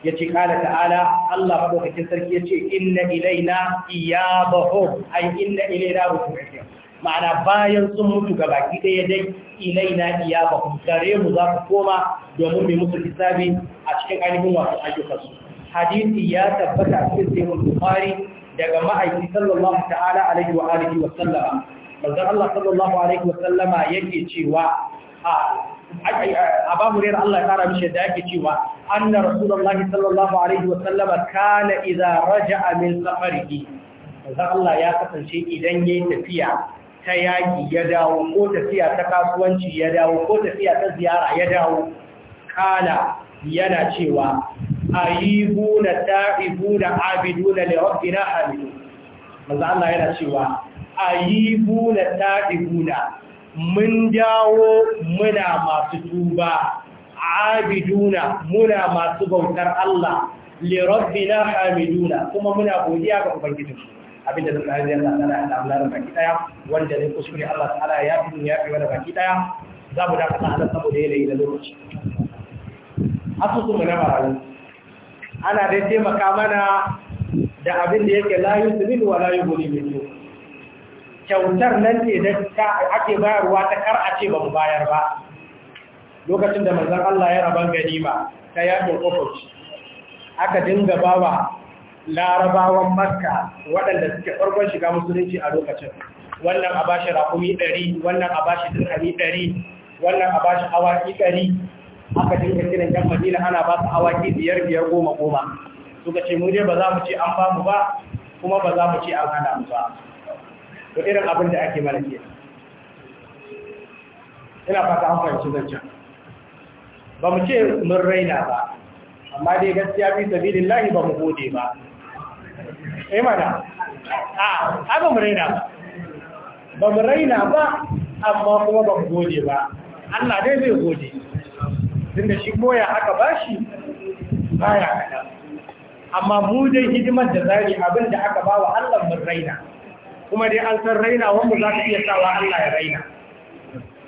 Speaker 1: ya ce kala ta'ala Allah kake sarki ya ce inna ilaina iyabahum ai inna ilaina rujuhum ma'ana bayan sun mutu ga baki ɗaya dai ilaina iyabahum gare mu za ku koma domin mai musu hisabi a cikin ainihin wasu ayyukansu hadisi ya tabbata a cikin sahih bukhari daga ma'aiki sallallahu ta'ala alaihi wa alihi wa sallama manzon Allah sallallahu alaihi wa sallama yake cewa a Aba Hurairah Allah ya kara mishi da yake cewa anna Rasulullahi sallallahu alaihi wa sallama kana idza raja'a min safarihi manzon Allah ya kasance idan yayin tafiya ta yaki ya dawo ko tafiya ta kasuwanci ya dawo ko tafiya ta ziyara ya dawo kala yana cewa ayyubuna ta'ibuna abiduna li rabbina hamidu manzo Allah yana cewa ayyubuna ta'ibuna mun dawo muna masu tuba abiduna muna masu bautar Allah li Hamidu hamiduna kuma muna godiya ga ubangijinmu abinda da tsari da Allah ta'ala ya amlara baki daya wanda ne kuskure Allah ta'ala ya fi ya fi wani baki daya za mu dakata a nan saboda yayi da lokaci mu na marayu ana dai taimaka mana da abin da yake layu zubin wa layu guri mai kyautar nan ne da ake bayarwa ta kar a ce ba mu bayar ba lokacin da manzan Allah ya raban ganima ta yakin ofis, aka dinga bawa larabawan maska waɗanda suke farkon shiga musulunci a lokacin wannan a bashi rakumi ɗari wannan a bashi dirhami ɗari wannan a bashi hawa ɗari aka dinga kiran yan madina ana ba su awaki biyar biyar goma goma suka ce mu je ba za mu ce an ba mu ba kuma ba za mu ce an hana mu ba to irin abin da ake mana ke ina fata an fahimci zancen ba mu ce mun raina ba amma dai gaskiya fi sabilin lahi ba mu gode ba eh mana
Speaker 3: a ba mu raina ba
Speaker 1: ba mu raina ba amma kuma ba mu gode ba Allah dai zai gode tunda shi koya aka bashi
Speaker 3: baya kada
Speaker 1: amma mu dai hidimar da zari abin da aka bawa Allah mun raina kuma dai an san raina wanda za ka iya sawa Allah ya raina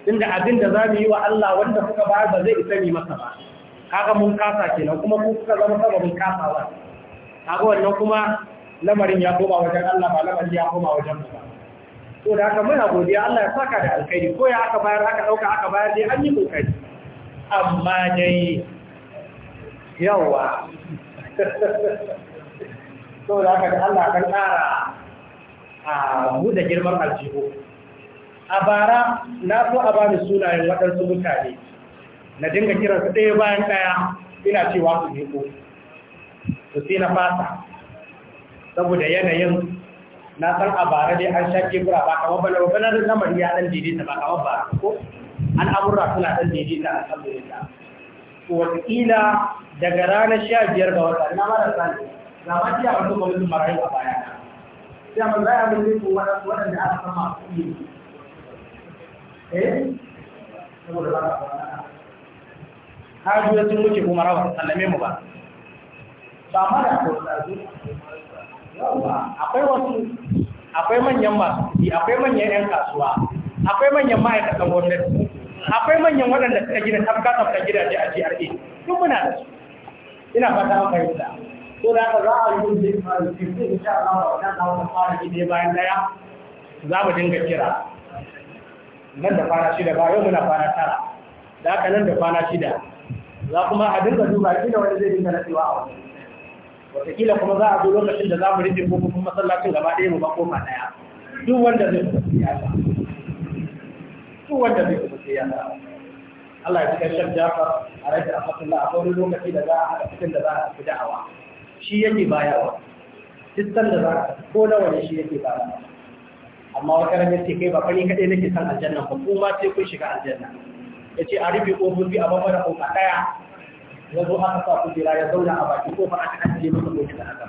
Speaker 1: tunda abin da za mu yi wa Allah wanda kuka ba ba zai isa ni masa ba kaga mun kasa kenan kuma ku kuka zama sababin kasawa kaga wannan kuma lamarin ya koma wajen Allah ba lamarin ya koma wajen mu ba to da haka muna godiya Allah ya saka da alkhairi ko ya aka bayar aka dauka aka bayar dai an yi kokari amma dai yawa so da aka da Allah kan ƙara a buɗe girman aljihu a bara na so a bani sunayen waɗansu mutane na dinga kiransu ɗaya bayan ɗaya ina cewa su miko su sai na fata saboda yanayin na san a bara dai an sha kebura ba kamar bana ba bana da didi ta ba kamar ba ko al'amurra suna ɗan daidaita alhamdulillah wataƙila daga ranar sha biyar ga wata na marasa ne na ma ciya wasu gwamnatin marayu a baya na
Speaker 2: sai amma za a bin nufin waɗanda aka sama a kuɗi
Speaker 1: eh saboda ba ka ba sun wuce kuma rawa sallame mu ba
Speaker 2: ba ma da akwai wasu
Speaker 1: akwai wasu akwai manyan masu akwai manyan 'yan kasuwa akwai manyan ma'aikatan gwamnati akwai manyan waɗanda suka gina tafka tafka gidaje a GRA duk muna da su ina fata an fahimta
Speaker 2: so da haka za a yi wanda zai faru ke sai insha Allah wannan
Speaker 1: za mu fara gide bayan daya za mu dinga kira nan da kwana shida ba yau muna kwana tara da haka nan da kwana shida za kuma a dinga duba kila wani zai dinga natsewa a wani wataƙila kuma za a zo lokacin da za mu rufe ko kuma masallacin gaba ɗaya mu ba koma ɗaya duk wanda zai fi ya ba duk wanda zai kuma sai ya dawo Allah ya cikin shan jafar a rage a fasin da akwai lokaci da za a haɗa cikin da za a fi da'awa shi yake bayarwa duk san da za a ko nawa ne shi yake bayarwa amma wata ranar ce kai ba fani kaɗai nake san aljanna ba ko ma sai kun shiga aljanna ya ce a rufe ƙofofi a babbar ƙofa ɗaya ya zo aka sa kujera ya zauna a baki ko ƙofa aka ajiye masa ƙofi da aka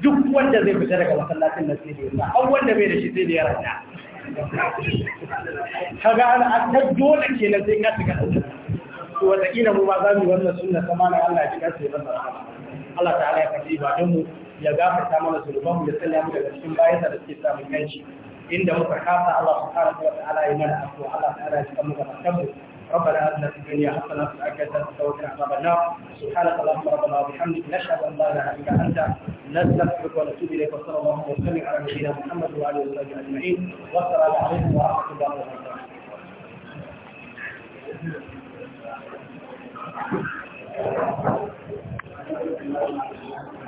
Speaker 1: duk wanda zai fita daga masallacin nan sai da ya sa an wanda bai da shi sai da ya rasa
Speaker 3: kaga an ta
Speaker 1: dole kenan sai ka shiga aljanna to wataƙila mu ba za mu yi wannan sunna sama mana Allah ya ji kansa ya masa Allah ta'ala ya karbi ba don mu ya gafarta mana su zunuban mu da sanya mu daga cikin bayansa da suke samun kanci inda muka kasa Allah subhanahu wa ta'ala ya mana afuwa Allah ta'ala ya ji kanmu ga tabbata. ربنا اتنا في الدنيا حسنه وفي الاخره حسنه على عذاب النار سبحانك اللهم ربنا وبحمدك نشهد ان لا اله الا انت نستغفرك ونتوب اليك وصلى الله وسلم على نبينا محمد وعلى اله وصحبه اجمعين والسلام عليكم ورحمه الله
Speaker 3: وبركاته Thank you.